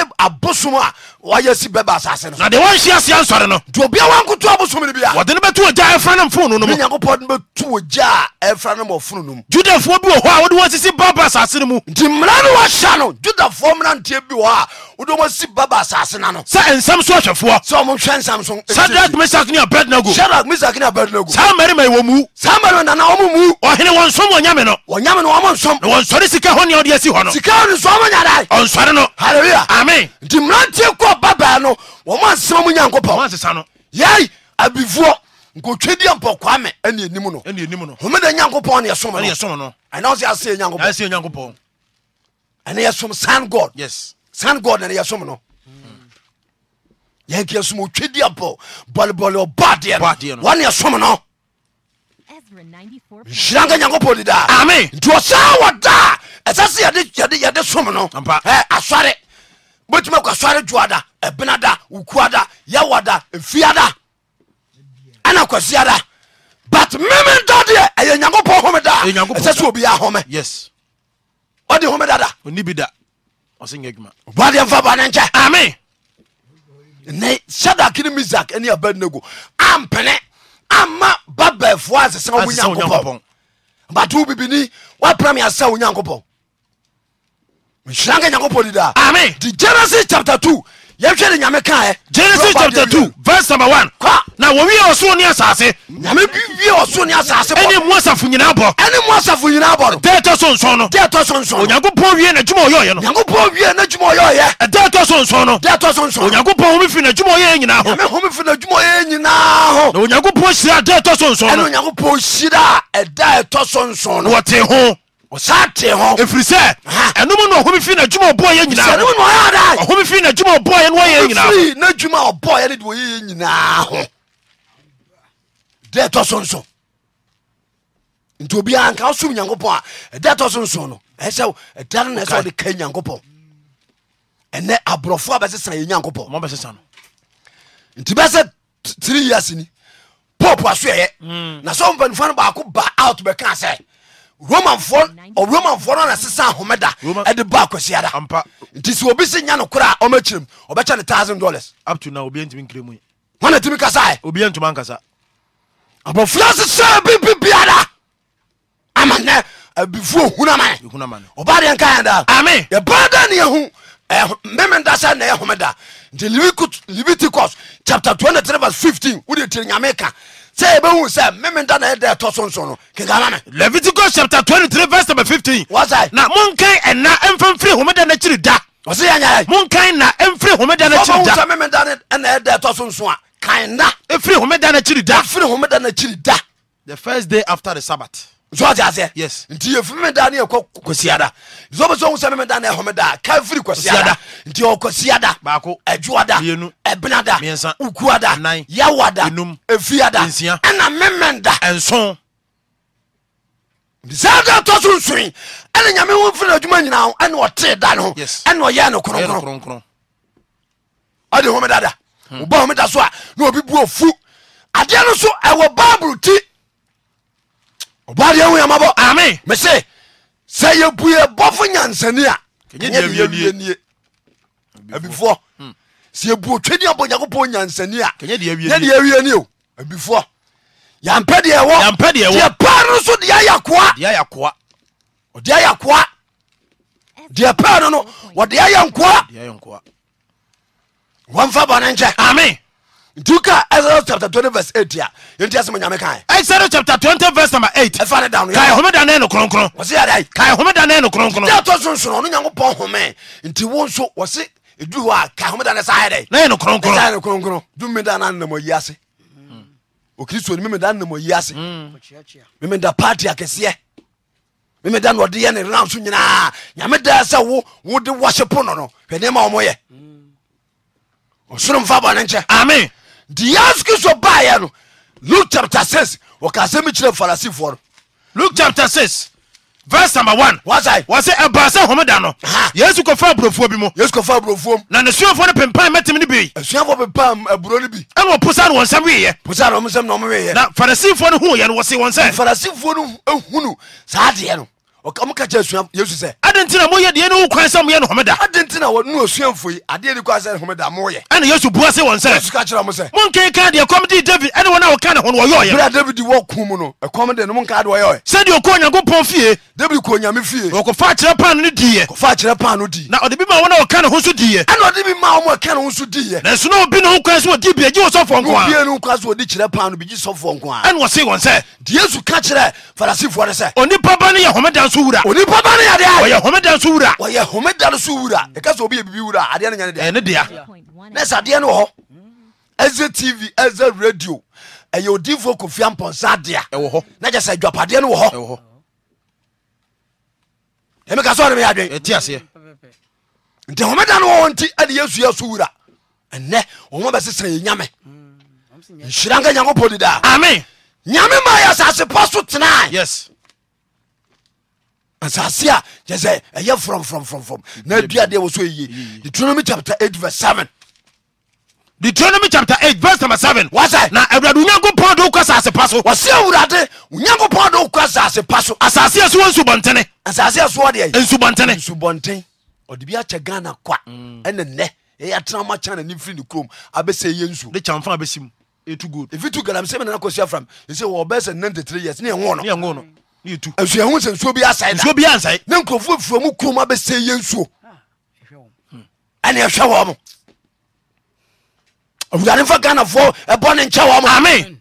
se abosom a wayɛ si bɛba asase no na deɛ wɔnhyia aseɛ nsɔre no nti obia wankoto abosom no bia wɔde no bɛto ɔgya ɛfra no mfono no mu nyankopɔn de bɛtu ɔgya a ɛfra no mɔfono no mu judafoɔ bi wɔ hɔ a wode wɔsisi baba asase no mu nti mmara no wɔhyɛ no judafoɔ mmeranteɛ bi wɔ a wode wɔsi baba asase no no sɛ nsɛm so ɔhwɛfoɔ sɛ ɔmohwɛ nsɛm so sadrak misak ne abednago sadrak misak ne abednago saa mmarima wɔ mu saa mmarima nana ɔmo mu ɔhene wɔnsom wɔnyame no wɔnyame no ɔmo nsom na wɔnsɔre sika hɔ nea ɔde asi hɔ no sika hɔ no so ɔmo nyadae ɔnsɔre no halleluya amen nti mmeranteɛ kɔ baba no masam yankope abvo na otwadinpo k nnyankpnnsom nsra yankup ddtsa wda sas yde somno mtmi ka sare juada binada kuada yawd fiada anekasiada but meme dod ye yankupo homedsesoobiahom ode home ddd a bne em ne sada kiri misa nbango anpne ama babefua ssa wyaobtbibini waprassew yankopo nhyira nka nyankopɔn di daa amen nti genesis chapter 2 yɛhwɛ ne nyame kaɛ genesis chapter two, eh. verse number one. kwa na wɔwie ɔsoro ne asase nyame wie ɔsoro ne asase ɛne mu asafo nyinaa bɔ ɛne mu asafo nyinaa bɔ no dɛ ɛtɔ so nson no dɛ ɛtɔ so nson onyankopɔn wie n'adwuma ɔyɛɔyɛ no nyankopɔn wie n'adwuma ɔyɛɔyɛ ɛdɛ ɛtɔ so nson no dɛ ɛtɔ so nson onyankopɔn home firi n'adwuma ɔyɛɛ ho nyame home firi n'adwuma ɔyɛɛ nyinaa ho na onyankopɔn hyira dɛ ɛtɔ so nson no ɛne onyankopɔn hyira ɛda ɛtɔ so nson no wɔte ho ɔsa te hɔ ɛfiri sɛ ɛnom no ɔhome fii nadwuma ɔbɔɔyɛ nyinaa ɔhome fii nadwuma ɔbɔɔyɛ no wɔyɛ nyinaa na dwuma ɔbɔɔyɛ no de wɔyɛyɛ nyinaa ho dɛ ɛtɔ so nso nti obiara nka wosom nyankopɔn a ɛdɛ ɛtɔ so nso no ɛsɛ ɛda no na ɛsɛ wɔde ka nyankopɔn ɛnɛ aborɔfoɔ a bɛsesa yɛ no. nti bɛsɛ three years ni pope aso ɛyɛ hmm. na sɛ ɔmpanifoɔ no baako ba out bɛka sɛ roman fossnhd dba ksdsbise yan kra chcn t000 misfss bafdndleviticos chapte 205 yam kan sɛ yɛbɛhu sɛ memeda na ɛda ɛtɔ so no kenkama me leviticus chapter 23 verse number 15 wasae na monkan ɛna ɛmfamfiri homeda no akyiri da ɔse yɛnyaɛ monkan na ɛmfiri homeda no akyiri da sɛ memeda no ɛna ɛda ɛtɔ so a kan da ɛfiri homeda no akyiri da ɛfiri homeda no akyiri da the first day after the sabbath sotase nti yefimi meda ne yɛkɔ kosiada sɛbɛsɛ hu sɛ memeda ne ɛhome daa ka firi kosiada nti ɔkosiada adwoada ɛbenada ukuada yawada efiada ɛna memenda nso saa da tɔ so nsoi ɛne nyame ho mfiri adwuma nyinaa ho ɛne ɔtee da ne ho ɛne ɔyɛ no kronkron ɔde homedada wobɔ homeda so a na obi bu ofu adeɛ no so ɛwɔ bible ti ɔba deɛ wu amabɔ mese sɛ yɛbu yɛbɔfo nyansania sɛ yɛbu twadi abo nya kopɔ nyansani yɛdeɛw yampɛ deɛwɔpɛso ea dayɛkoa deɛ pɛ n no ɔde ayɛ nkoa wmfa bɔne nkyɛ nti woka exodus chapter twenty verse eight. 8 a yɛnti asɛm nyame kaɛ exodus chapter 20 verse number 8 ɛfa ne da no kae homeda ne no kronkron wɔse yɛdae kae homeda ne no kronkron da tɔ sonsono ɔno nyankopɔn home nti wo nso wɔse ɛduru hɔ a kae homeda ne sa yɛ dɛ na yɛ no kronkron sa yɛ no kronkron dumeda no anam ayi ase okristo ni memeda nam ayi ase memeda party akɛseɛ memeda na ɔde yɛ ne ram so nyinaa nyame da sɛ wo wode wɔhye po no no hwɛ nneɛma ɔmoyɛ ɔsoro mfa bɔne nkyɛ amen nti yesu kristo baayɛ no luke chapter 6 wɔka asɛm kyerɛ farisifoɔ no luke chapter six, verse number one. wasaɛ. wɔsi ɛbaa sɛ homeda no. yesu kɔfa aburofuo bi mu. yesu kɔfa aburofuo mu. na ne suafo ne pimpan mɛtɛm ni bi. suafo pimpan aburo ni bi. ɛna ɔpusa ni wɔn nsɛm wiyɛ. pusa ni wɔn nsɛm na wɔn wiyɛ. na farisifoɔ ni hun yɛ no wɔsi wɔn sɛ. farisifoɔ ni ehunu saa adiɛ no ɔmu ka kyerɛ yesu sɛ ade nti na moyɛ deɛ ne wo kwan sɛ moyɛ no homeda ade nti na wɔnu asuamfo yi adeɛ ne kwan sɛ ne homeda moyɛ ɛne yesu bua se wɔn sɛ yesu ka kyerɛ mo sɛ monkenka deɛ ɛkɔm de david ɛne wɔn a wɔka ne ho no wɔyɛ ɔyɛ berɛ a david wɔko mu no ɛkɔm de no monka de wɔyɛ ɔyɛ sɛdeɛ ɔkɔ onyankopɔn fie david kɔ onyame fie ɔkɔfa akyerɛ pan no diiɛ ɔfa akyerɛ pan no dii na ɔde bi ma wɔn a wɔka ne ho so diiɛ ɛna ɔde bi ma wɔn a wɔka ne ho so diiɛ nanso na obi ne ho kwan sɛ wɔdi bi agye wɔ sɔfoɔ nko a obie ne ho kwan sɛ wɔde kyerɛ pan no bi gye sɔfoɔ nko a ɛne wɔse wɔn sɛ yesu ka kyerɛ farisifoɔ no sɛ onipa ba no yɛ homeda nso wura onipa ba no yɛ deɛ ɔyɛ homeda so wura wɔyɛ homeda no so wura ɛka sɛ obi yɛ bibi wura adeɛ no nyane deɛ ɛne dea na sɛ adeɛ no wɔ hɔ ɛsɛ tv ɛsɛ radio ɛyɛ odifoɔ kofia mpɔnsa dea ɛwɔ hɔ na kyɛ sɛ adwapadeɛ no wɔ hɔ ɛmeka sɛ ɔne meyɛ adwen ɛti aseɛ nti homeda no wɔwɔ nti ade yesu yɛ so wura ɛnɛ ɔma bɛsesera yɛ nyame nhyira nka nyankopɔn didaa ame nyame ma yɛ asase pa so tenaa yes asase a kyɛ sɛ ɛyɛ frɔmfrɔmfrɔmfrɔm na dua deɛ wɔ so ɛyie deuteronomy chapter 8 verse 7 deuteronomy chapter 8 verse number 7 wasɛ na awurade onyankopɔn de wokɔ asase pa so wɔse awurade onyankopɔn de wokɔ asase pa so asase a soɔ nsubɔntene asase a soɔ deɛ nsubɔntene nsubɔnten ɔde bi akyɛ ghana kwa mm. ɛne nnɛ ɛyɛ atenama kyɛ na ne mfiri ne kurom abɛsɛ yɛ nsu ne kyamfa abɛsim ɛtu good ɛfi tu galamsɛ menana kɔsi afram ɛsɛ wɔbɛsɛ 93 years ne ɛwo no asuahu sɛ nsuo bi asɛensuo bi ansɛe ne nkurɔfoɔ firi mu kuroma bɛsɛ yɛ nsuo ah, hmm. ɛne ɛhwɛ wɔ mo awurade mfa ghanafoɔ ɛbɔ ne nkyɛ wɔ mo ame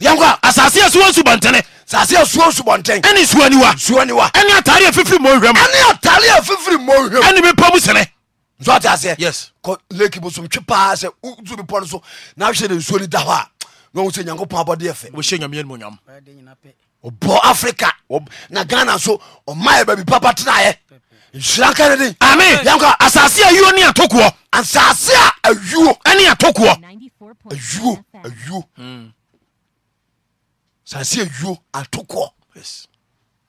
yɛnkɔ asase asuo nsubɔntene sase asuo nsubɔnten ɛne suaniwa suaniwa ɛne atare afifiri mɔhwɛm ɛne atare afifiri mɔhwɛm ɛne bepɔ mu sene nso ate aseɛ yes kɔ lake bosom twe paa sɛ wosu bepɔ no so na ahwɛ ne nsuo ni da hɔ a na wo sɛ nyankopɔn abɔdeɛ fɛ wɔhyɛ nyameɛ nomonyam ɔbɔ africa na ghana so ɔma yɛ baabi papa tenaɛ nhyira nka ne den ame yɛnka asase ayuo ne atokoɔ asase a ayuo ɛne atokoɔ ayuo ayuo hmm. asase ayuo atokoɔ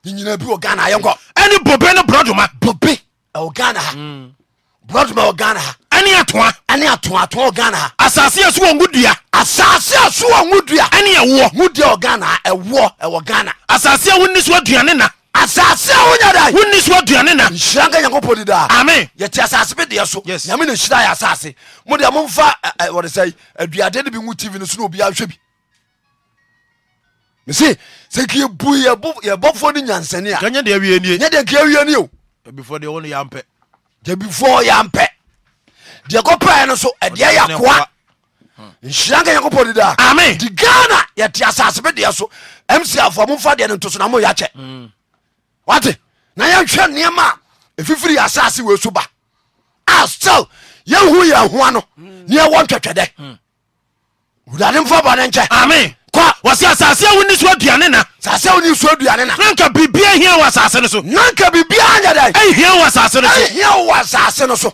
nyina bi wɔ ghana yɛnkɔ ɛne bobe ne borɔdoma bobe ɛwɔ ghana ha hmm. borɔdoma wɔ ghana ha ɛne atoa ɛne atoa atoa wɔ ghana ha asase a so wɔ ngu dua asase a so wɔ ho dua ɛne ɛwoɔ mu dua wɔ ghana ɛwoɔ ɛwɔ ghana asase a wonni so na asase a wonya da wonni so aduane na nhyira nka nyankopɔn di daa ame yɛte asase bi deɛ so nyame na nhyira yɛ asase mode momfa wɔde sɛ aduade no bi wu tv no so na obiaa hwɛ bi mese sɛ kiyɛ bu yɛbɔfoɔ no nyansane a nyɛ deɛ nka awie ni o dabifoɔ yɛmpɛ deɛ kɔpɛɛ no so ɛdeɛ yɛ akoa nhyira nka nyankopɔn dida ame nti ghana yɛte asase bi deɛ so mcafo momfa deɛ no ntoso na moyɛkyɛ hmm. wate na yɛnhwɛ nneɛma a ɛfifiri asase wɔ so ba a ah, still yɛhu yɛ hoa no ne yɛwɔ ntwɛtwɛdɛ wurade mfa bɔne nkyɛ ame wɔse asase a woni so aduane na sase a woni so aduane na nanka biribia hia wɔ asase no so nanka biribia nyɛ dɛ ɛhia wɔ asase no so ɛhia wɔ asase no so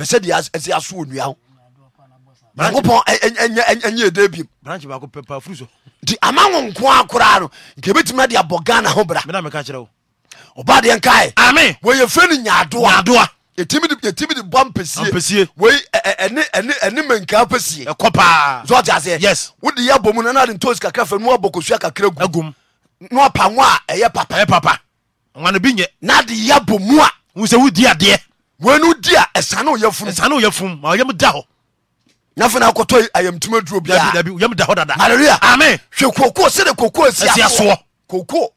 ɛsɛdeɛɛsɛ aso wɔ nnua ho nyankopɔn ɛnyɛ ɛda bim nti ama wo nko a koraa no nka ɛbɛtumi ade abɔ ghana ho bra ɔba deɛ nkae ame wɔyɛ fɛ no nyaadoa yɛtumi de bɔ mpɛsie wei ɛne mankaa pɛsie ɛkɔ paa so ɔte aseɛ wode yɛ abɔ mu no nade ntos kakra fa no wabɔ kosua kakra gu na wapa wo a ɛyɛ papa ɛyɛ papa ɔno bi nyɛ na de yɛ abɔ mu a wo sɛ wodi adeɛ wenu di a ɛsane oyɛ fun ɛsane oyɛ fun ma yam da hɔ nafana akɔtɔ ayamtuma duro bia dabi yam da hɔ dada hallelujah amen hwɛ koko sɛde koko esi asoɔ koko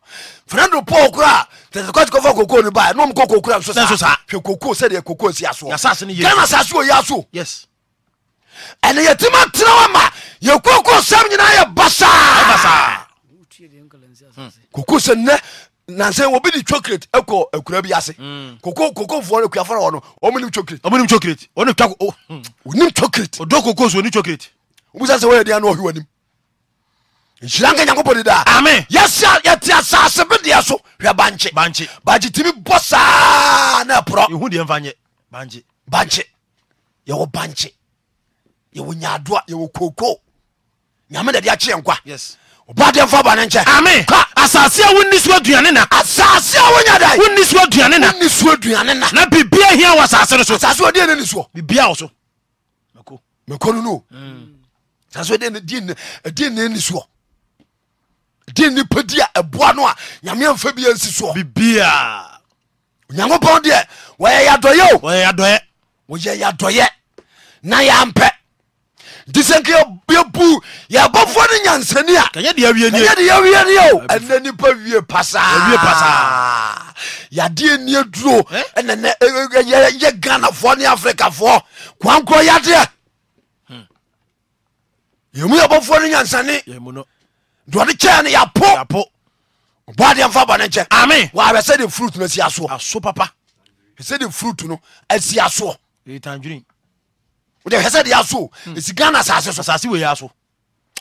fernando paul kura tẹsẹkọsi kɔfɔ koko ni ba yɛ n'omu kɔ koko la nso sa hwɛ koko sɛde koko esi asoɔ yasaasi ni yɛ gana saasi o yɛ aso yes ɛnɛ yɛtima tena wa ma yɛ koko sɛm nyinaa yɛ basaa basaa koko sɛ nnɛ nansɛn obi ni chocolate ɛkɔ ekura bi ase mm. koko koko fɔ ne kuyafɔ wɔn no wɔn ni chocolate. wɔn ni chocolate wɔn ni twa ko o ni chocolate. o dɔw ko so ni chocolate. o musa sɛ o yɛ den anu ɔhiwa nim nsira nka nyankopɔ de da. ami yasa yati asase bi deɛ so hwɛ bankye. bankye bankye timi bɔ saa na ɛpɔrɔ. ihu deɛ nfa nyɛ bankye. bankye yɛwɔ bankye yɛwɔ nyaadoa yɛwɔ koko nyame de de akyerɛ nkwa. yes ɔbadeɛmfa bane nkyɛ ame ka asase a wonni so aduane na asase a wonya da wonni so aduane na ne so aduane na na biribia hia wɔ asase no so asase wɔ deɛ ne ne soɔ biribia wɔ so mɛkɔ no no asase wɔ deɛ ne ne soɔ de nipa di a ɛboa no a nyame mfa bia nsi soɔ bibia onyankopɔn deɛ wɔyɛ yɛadɔyɛ o wɔyɛ yɛadɔyɛ wɔyɛ yɛadɔyɛ na yɛampɛ nti sɛ nka yɛbu yɛbɔfoɔ no nyansani ayɛ de yɛwie ne o ɛnɛ nipa wie pasaa yadeɛ ni aduro ɛnɛnɛ yɛ ghanafoɔ ne afrikafoɔ kwankorɔ yadeɛ hmm. yɛmu yɛbɔfoɔ no nyansane dɔde kyɛɛ no yɛpo bɔdeɛ mfa bɔne nkyɛ ame wɔawɛ sɛde fruit no asi asoɔ aso papa sɛde fruit no asi asoɔ wòde hẹsẹ de aso hmm. esi Ghana asase so asase wo yi aso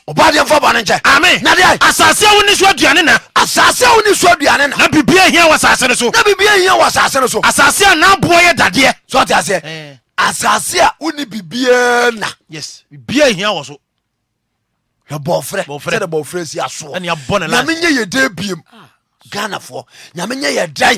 ọba de nfa bọ ne nkyɛn. ami na de ayi. asase awo ni so aduane na. asase awo ni so aduane na. na bibi ehiya wɔ asase ne so. na bibi ehiya wɔ asase ne so. asase a n'aboɔ yɛ dadeɛ. sɔ ti aseɛ. Eh. asase a wo ni bibi na. yes bibi ehiya wɔ so. na bɔfrɛ sɛ de bɔfrɛ si aso. ɛni abɔ ne la. nyame nye yɛ den biem ah. Ghana fɔ nyame nye yɛ dan.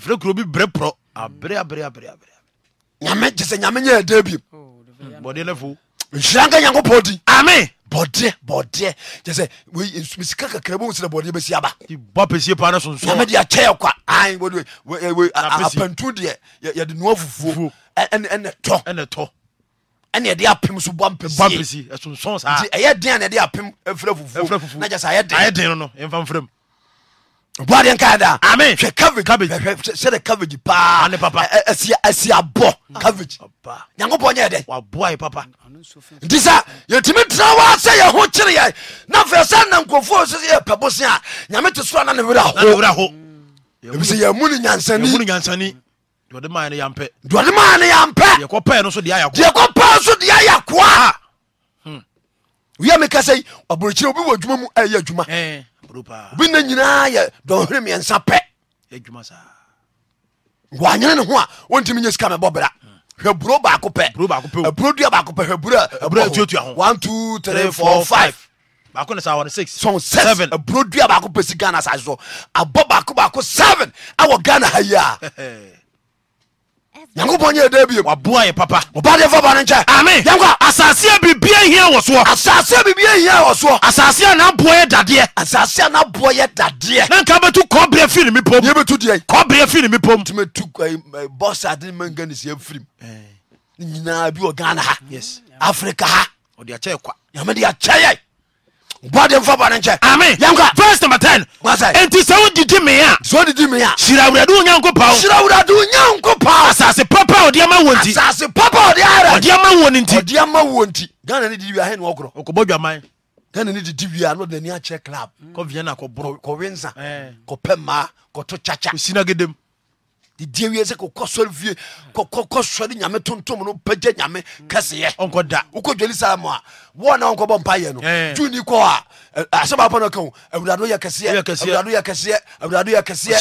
ɛfiri kuro bi berɛ porɔ abrɛ mm. abrɛ abrɛ abrɛ nyame sais nyame oh, bɔdeɛ di bɔdeɛ bɔdeɛ bɔdeɛ aba ba no sonsonyame de akyɛɛ kwa apantu deɛ yɛde noa fufuo ɛnɛ tɔ ɛnɛ a fufuo na no no bɔden ka da ami hwɛ coverage coverage hwɛ sɛde coverage paa ani papa ɛsi ɛsi abɔ coverage nyankopɔ nyɛ dɛ wa bɔ ayi papa nti yɛtumi tena wa yɛ ho kyerɛ yɛ na fɛ sɛ na yɛ pɛ bosi a nyame te so a na ne werɛ ho ebisɛ e yɛ mu ni nyansani yɛ mu ni nyansani duade maa yɛ ne yampɛ duade maa yɛ ne yampɛ deɛ kɔ pɛɛ no so deɛ ayɛ wia meka sɛ aborɔkyiri obi wɔ adwuma mu ɛyɛ adwuma obi na nyinaa yɛ dɔnhwere miɛnsa pɛ wanyene ne ho a wontimi nya sika mɛbɔ bra hmm. hwɛ buro baako pɛ aburo dua baako pɛ hwɛ buro one two three four five baako ne sawari six. sɔn seven aburo dua baako pɛ si ghana sa so abɔ baako baako seven awɔ ghana ha yi a. nyankopɔn yɛ da bio waboa yɛ papa ɔbade fa ba no nkyɛ ame yɛnkɔ asase a biribia hia wɔ soɔ asase a biribia hia wɔ soɔ asase a n'aboɔ yɛ dadeɛ asase a n'aboɔ yɛ dadeɛ na nka bɛtu kɔbere fi ne mepom yɛ bɛtu deɛ kɔbere fi ne mepom tumi tu eh, eh, bɔs ade ne manga ne sia firim eh. nyinaa bi wɔ ghana ha africa ha ɔde akyɛ kwa nyame de akyɛ yɛ bɔde mfa bɔne nkyɛ ame yanka verse number 10 wasɛ enti sɛ wodidi me a sɛ wodidi me a hyira awurade wo nyankopɔn hyira awurade wo nyankopɔn asase papa a ɔde ama wɔ nti asase papa ɔde ara ɔde ama wɔ ne nti ɔde ama wɔ nti ghana ne didi wia hɛn wɔkorɔ ɔkɔbɔ dwaman ghana ne didi wia no de ni akyɛ club mm. kɔ vienna kɔ borɔ kɔ winsa eh. kɔ pɛ mmaa kɔ to chacha kɔ sinagedem dedeɛ wiase kokɔ sɔre fie kokɔ sɔre nyame tontom no pɛgya nyame kɛseyɛ ɔnkɔda wokɔ jerusalem a wɔn e, e, e, ah. ah. eh. na wɔnkɔbɔ mpayɛ no juni kɔ a asɛm apɔ no ka yɛ kɛseɛ awurade yɛ kɛseɛ awurade yɛ kɛseɛ awurade yɛ kɛseɛ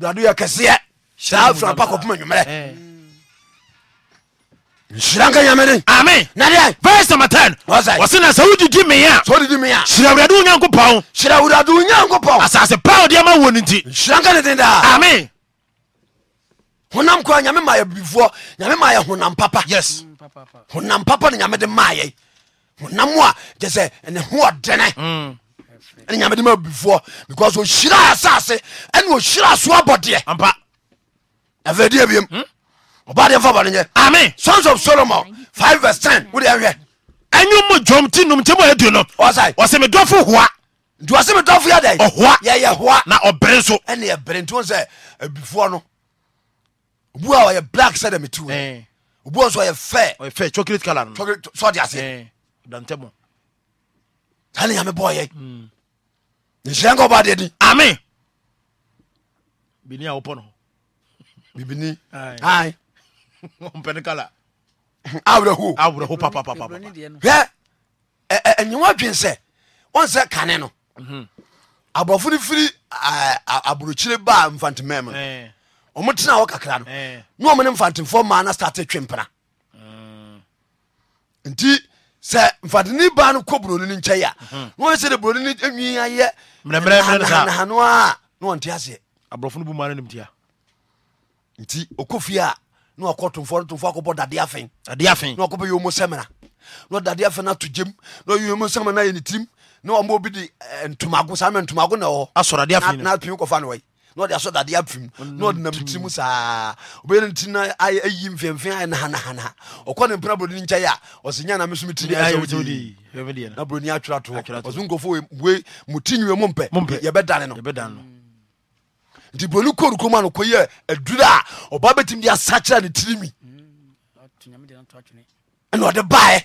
awurade yɛ kɛseɛ saa afura pa kɔpem anwummerɛ nhyira nka nyame ne ame nadeɛ vers nm 10 wɔse na sɛ wodidi mee a sɛwodidi mee a hyira awurade wo nyankopɔn hyira awurade wo nyankopɔn asase pa ɔdeɛma wɔ no nti nhyira nka ne den daa ame honam kora nyame ma yɛ bifoɔ nyame ma honam papa yes honam papa ne nyame de maayɛ honam a gye sɛ ɛne ho ɔdene mm. ɛne nyame de ma bifoɔ because ɔhyira asase ɛne ɔhyira soa bɔdeɛ ampa afɛdiɛ biam hmm? ɔbadeɛ fa bɔne nyɛ ame sons of solomon 5 vs 10 wode ɛhwɛ ɛnwom dwom te nomkyɛm a adu no ɔsae ɔsɛ medɔfo hoa nti ɔse medɔfo yɛ ɔhoa yɛyɛ hoa na ɔbere nso ɛne ɛbere nti sɛ abifoɔ no obu a ɔyɛ black sɛ dɛ meti wei obu a nso ɔyɛ fɛ ɔyɛ fɛ chocolate colour no chocolate sɔɔdi ase dantɛmɔ hali yamɛ bɔ ɔyɛ nhyɛn kɔ ba de di ami bini a wɔpɔ no bibini ayi ɔmpɛni kala awurahu awurahu papapapa hɛ ɛ ɛ ɛnyiwa dwi nsɛ wɔn nsɛ kane no mhm. aborɔfo ni firi ɛɛ aburukyire ba nfantimɛn mu ɔmotena wɔ kakra no eh. na ɔmo ne mfantemfoɔ maa na starte twe mpena eh. nti sɛ mfanteni ba no kɔ buroni mhm. no nkyɛi a na wɔne sɛ buroni no nwi ayɛ nahano a na wɔnte aseɛ aborɔfo no bu maa no nimtia nti ɔkɔ fie a na wakɔ tomfoɔ no tomfoɔ akɔbɔ dadeɛ afen dadeɛ afen na wakɔbɛ yomo sɛmina na dadeɛ afen ato gyem na yomo sɛmina yɛ ne tirim na ɔmɔ bi de eh, ntomago saa mɛ ntomago na ɛwɔ asɔrɔ dadeɛ afen na apim kɔfa na wɔyi na ɔde asɔ dadeɛ apim na ɔde nam tirim mm. saa obɛyɛ no nti no ayi mfɛmfɛ ayɛ nahanahana ɔkɔ ne mpena buroni nkyɛe a ɔse nya na mesom tiri na buroni atwerɛ toɔ ɔso nkɔfo wei muti nwiɛ mu mpɛ yɛbɛdane no mm. nti buroni kɔru kurom a nokɔyɛ aduru a ɔba bɛtumi de asakyerɛ ne tirimi mm. ɛna ɔde baɛ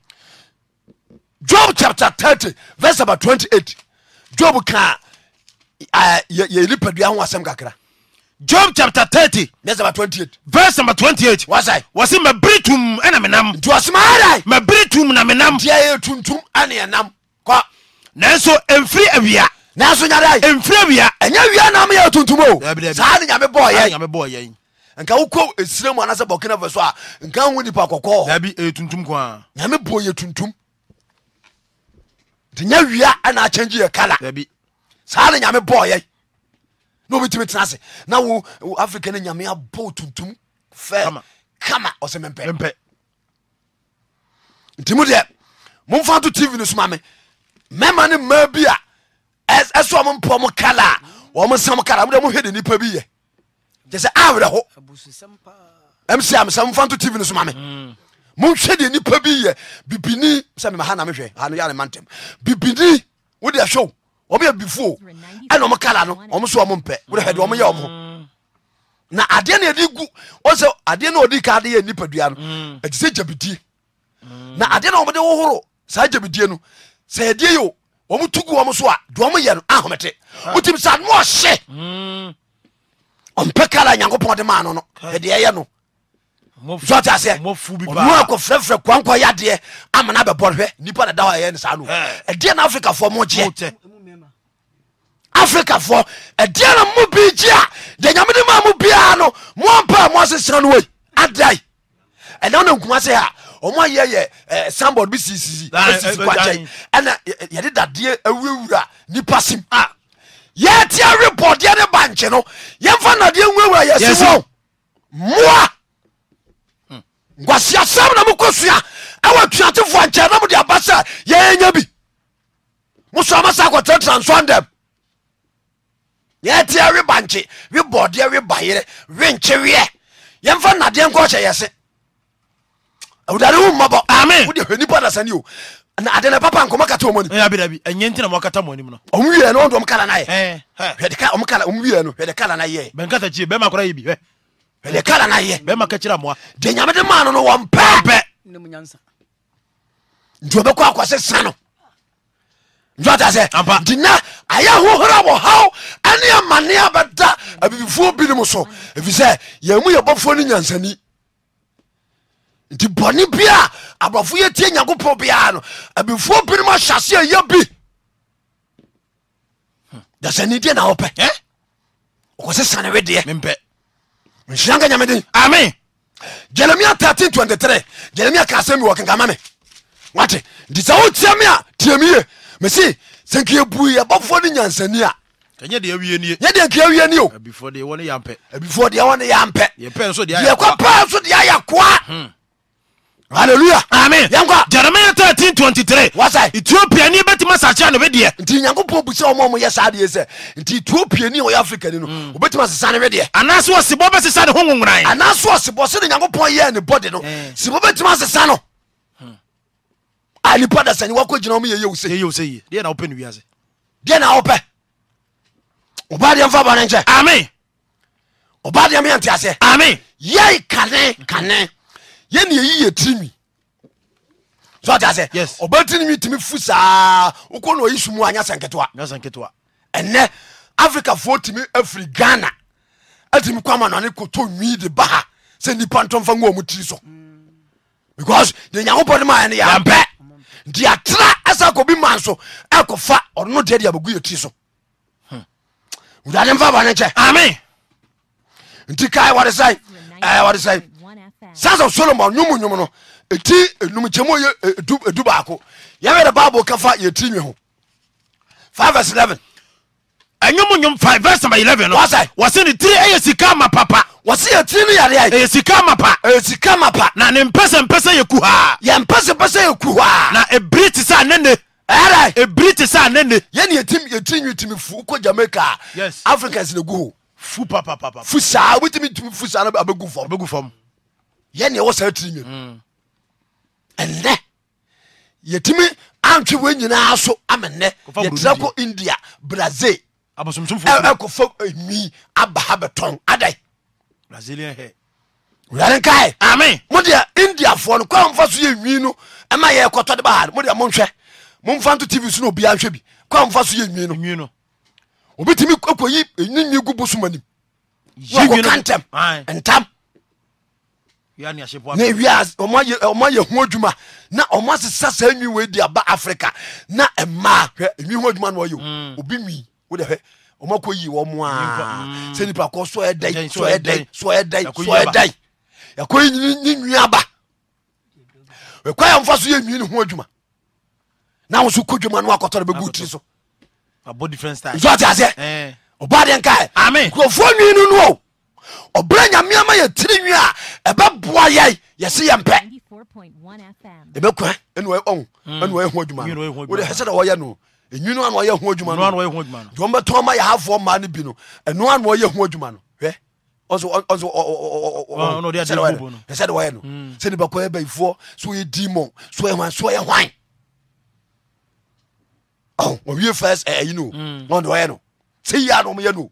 job chapter 30 verse number 28 job ka yɛ nipadua ho asɛm kakra job chapter 30 verse number 28 verse number 28 wasai wɔsi mɛbiri tum ɛna menam nti ɔsoma adai mɛbiri tum na menam deɛ yɛ tuntum ɛne ɛnam kɔ nanso ɛmfiri awia nanso nyadai ɛmfiri awia ɛnyɛ awia nam yɛ tuntum o saa ne nyame bɔɔ yɛn nka wokɔ esire mu anasɛ bɔkina fɛ so a nka ho nipa kɔkɔɔ eh, nyame bɔ yɛ tuntum nya wia ɛnakyɛngye yɛ kala saa ne nyame bɔɔyɛ na obɛtumi tena ase na wo africa no nyame abɔ tuntum fɛ kama ɔsɛ mempɛ nti mu deɛ momfa to tv no soma me mɛma ne ma bi a ɛsɛ ɔmo mpɔ mo kala a ɔmo sam kala mode mohwɛ de nipa bi yɛ kyɛ sɛ awerɛ ho msia mesɛ momfa to tv no soma moede nipa bi ye bibinaneda t samse pe kala yankopɔ demao sɛɔnoakɔ frɛfrɛ kwankɔ yadeɛ amana bɛbɔhwɛ nipa na dayɛ saa no ɛdeɛ na afrikafoɔ mogyeɛ afrikafoɔ ɛdeɛ na mo bi gye a deɛ nyamede ma mo biaa no moampaa mo asesera no wei adai ɛna wona nkuma sɛ a ɔmo ayɛ yɛ sambod bi sisisi sisi kwa kyɛn ɛna yɛde dadeɛ awurawura nipa sim a yɛte awe bɔdeɛ ne ba nkye no yɛmfa nadeɛ nwurawura yɛsi wɔ mmoa nkwaseasɛm na mokɔ sua ɛwɔ atuatefoɔ nkyɛ na mode aba sɛ yɛɛnya bi mosoa ma sa kɔtratra nsɔndɛm yɛteɛ we ba nkye we bɔɔdeɛ we ba weɛ yɛmfa nnadeɛ nkɔ hyɛ yɛ se awudade wo mmɔbɔ amen wode hwɛ nipa dasane o ade na papa nkɔmɔ kata wɔn anim. ɛyà bi dabi ɛnyɛ ntina mɔ kata wɔn anim no. ɔmu eh, eh. wiɛ no ɔmu kala n'a yɛ. ɛɛ hɛ hwɛdika ɔmu kala ɔmu wiɛ nyamee manɛɔkse sanoɛina aya hoora ɔhaw aneamane a bɛda abifuɔ binom sofiɛ ymu yɛɔfo no nyansani nti bɔne bia abɔfo yɛtie nyankop ao abifuo binom asyɛse aya bi aninawopɛse sanodeɛ nhyira nka nyame den ame jeremia 1323 jeremia ka asɛm bi wɔ kenkama me wate nti sɛ wotia me a tiamie mese sɛ nka yɛbui yɛbɔfoɔ no nyansani a yɛ deɛ nka awie ni o abifoɔ deɛ wɔ ne yɛmpɛ yɛkɔ paa so deɛ ayɛ koa hmm hallelujah amen yankwa jeremiah thirteen twenty three wasa ethiopia ni ebetuma sase ano wedeɛ nti nyankopɔn busa ɔmo ɔmo yɛ saa deɛ sɛ nti ethiopia ni ɔyɛ africa ni no mm. obetuma sesa ne wedeɛ anaasɛ ɔsebɔ bɛsesa ne ho nwonwran anaasɛ ɔsebɔ sɛde nyankopɔn yɛ ne bɔde no eh. sebɔ bɛtuma sesa no hmm. a nipa da sani wakɔ gyina ɔmo yɛ yewu sɛ yewu sɛ yie deɛ na ɔpɛ ne wiase deɛ na ɔpɛ ɔbaa deɛ mfa ba ne nkyɛn amen ɔbaa deɛ meyɛ nteaseɛ amen yɛi kane kane mm yɛne yɛyi yɛ So sɛ ɔba tirinwi tumi fu saa wokɔ na ɔyi sumu anya sɛnketewa ɛnɛ afrikafoɔ tumi afiri ghana atumi e kwama nane kɔtɔ nwi de ba ha sɛ nipa ntɔmfa ngu ɔmo tiri so because deɛ nyankopɔn de ni no yɛmpɛ nti atra ɛsɛ kɔbi ma nso ɛkɔfa e ɔno deɛ deɛ abɛgu yɛ tiri so hmm. wurade mfa bɔne nkyɛ ame nti kae wɔde sɛe eh, wɔde sɛe sasa solomon nwum no eti enum kyɛmu yɛ edu e, baako yɛn yɛrɛ kafa yɛ ti nwi ho five verse eleven. ɛnwom e, nwom five verse number eleven no wɔsɛ wɔsi ne tiri ɛyɛ sika ma papa wɔsi yɛ tiri ne yare ayi ɛyɛ sika ma pa ɛyɛ e, sika ma pa na ne mpɛsɛmpɛsɛ yɛ kuhaa yɛ mpɛsɛmpɛsɛ yɛ kuhaa na ebiri ti sɛ anene ɛyɛrɛ ebiri ti sɛ anene yɛni yɛ tiri yɛ tiri nwi timi fu ko Jamaica yes Africans na gu ho fu papapapa fu saa wotimi timi fu saa na abɛgu fam abɛgu fam yɛne ɛwɔ saa tiri nwam mm. ɛnnɛ yɛtumi antwe wɔ nyinaa so ama nnɛ yɛtira kɔ india brazil ɛkɔfa nwi aba ha bɛtɔn adai wurade nkae ame modeɛ indiafoɔ no kwa mfa so yɛ nwi no ɛma yɛ kɔtɔ de baha modeɛ monhwɛ momfa nto tv so na obiaa nhwɛ bi kwa mfa so yɛ nwi no obitumi kɔyi ɛnyi nwi gu bo so ma nim wakɔka ntɛm ntam ɔmo ayɛ ho adwuma na ɔmo asesa saa nwi wei di aba africa na ɛmaa hwɛ nwi ho adwuma na ɔyɛ mm. obi nwi wode hwɛ ɔmo akɔ yi wɔ mo a mm. sɛ nipa kɔ so ɛdɛn so ɛdɛn so ɛdɛn so ɛdɛn yɛkɔ yi ne nwi aba ɛkɔ yɛ mfa so yɛ nwi ne ho adwuma na ahosuo kɔ dwuma no akɔtɔ no bɛgu tiri so nso ate aseɛ eh. ɔba deɛ nkaɛ nkurɔfoɔ nwi no no o ɔberɛ nyamea ma yɛtiri nwi a ɛbɛboa yɛi yɛse yɛ mpɛ ɛbɛkua ɛnu hmm. ɛho adwuma wode wɔyɛ no ɛnwinu ana ɔyɛ ho adwuma no ma yɛhafoɔ mmaa no bi no ɛno ana ho adwuma no sɛde wɔyɛ no hmm. sɛ nipa yɛ bayifoɔ sɛ ɔyɛ demon sɛ ɔyɛ hwan sɛ ɔyɛ hwan ɔde hmm. ɔyɛ no sɛ yia no ɔmyɛ no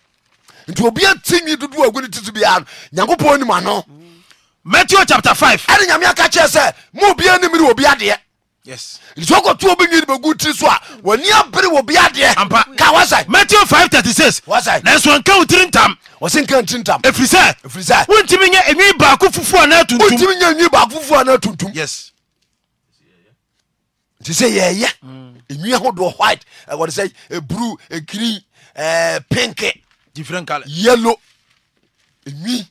ntobia te wi on tr so yankopɔ nne yame ka kerɛ sɛ ma bi nemre bdeɛbtr s n br drrp different color yellow ewi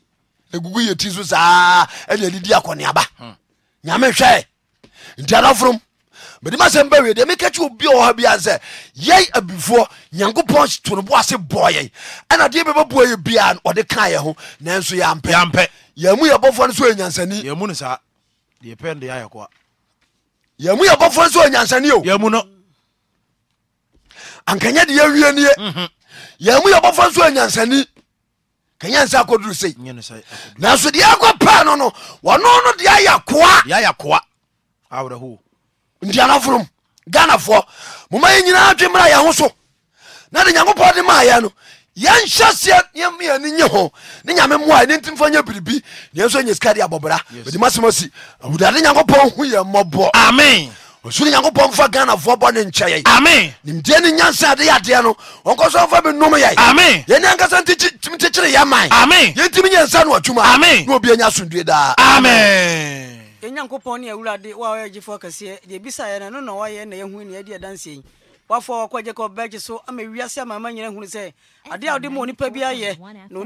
egugu yɛ ti so saa ɛna adidi akɔneaba hmm. nyame hwɛ nti anaforom mede ma sɛ mba wie deɛ meka kyi obi wɔ ha bia sɛ yɛi abifoɔ nyankopɔn to no bo ase bɔɔ yɛn ɛna deɛ bɛbɛbua yɛ biaa no ɔde ka yɛ ho nanso yɛampɛ yɛmu yɛbɔfoɔ no so yɛ nyansani yɛmu no saa deɛ pɛ de ayɛ koa yɛmu yɛbɔfoɔ no so yɛ nyansani o yɛmu no ankanyɛ de yɛwie nie mhm yɛmu yɛbɔfa so anyansani kanyansa akoduru sei nanso deɛ akɔ paa no no wɔno no deɛ ayɛ koa ntianaforom ghanafoɔ moma yɛ nyinaa dwe mmra yɛn ho so na de nyankopɔn de maayɛ no yɛnhyɛ seɛ yɛmyɛni nye ho ne nyame mmoa ɛne ntimfa nyɛ biribi neɛ nso nyɛ sika de abɔbra bɛdi masɛm asi awurade nyankopɔn hu yɛ mmɔbɔ amen ɔsoro nyankopɔn mfa ghanafoɔ bɔ ne nkyɛ yɛ nimdeɛ no nyansa de yɛadeɛ no ɔnkɔ so mfa menom yɛ yɛne ankasa ntekyekyere yɛ ma yɛntimi nyɛ nsa no adwuma na obia nya asomdue daa yɛnyankopɔn ne awurade wa ɔyɛ gyefoɔ kɛseɛ deɛ bisa yɛ no no na wayɛ na yɛhu ne yɛdi adanseɛ yi wafoɔ wakɔ agye kɔ bɛgye so ama wiase amama nyina hunu sɛ adeɛ a wode ma onipa bi ayɛ na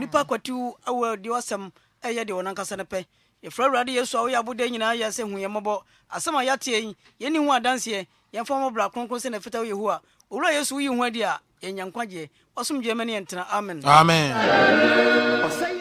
yɛfrɛ awurade yesu a woyɛ aboda nyinaa yɛ sɛ hu yɛ mmɔbɔ asɛm a yɛateɛ yi yɛnni ho adanseɛ yɛmfa mɔ bra kronkron sɛ na ɛfita wo a owura yesu woyi hu adi a yɛnya nkwagyeɛ wasomdwuamɛ ne yɛntena amen amen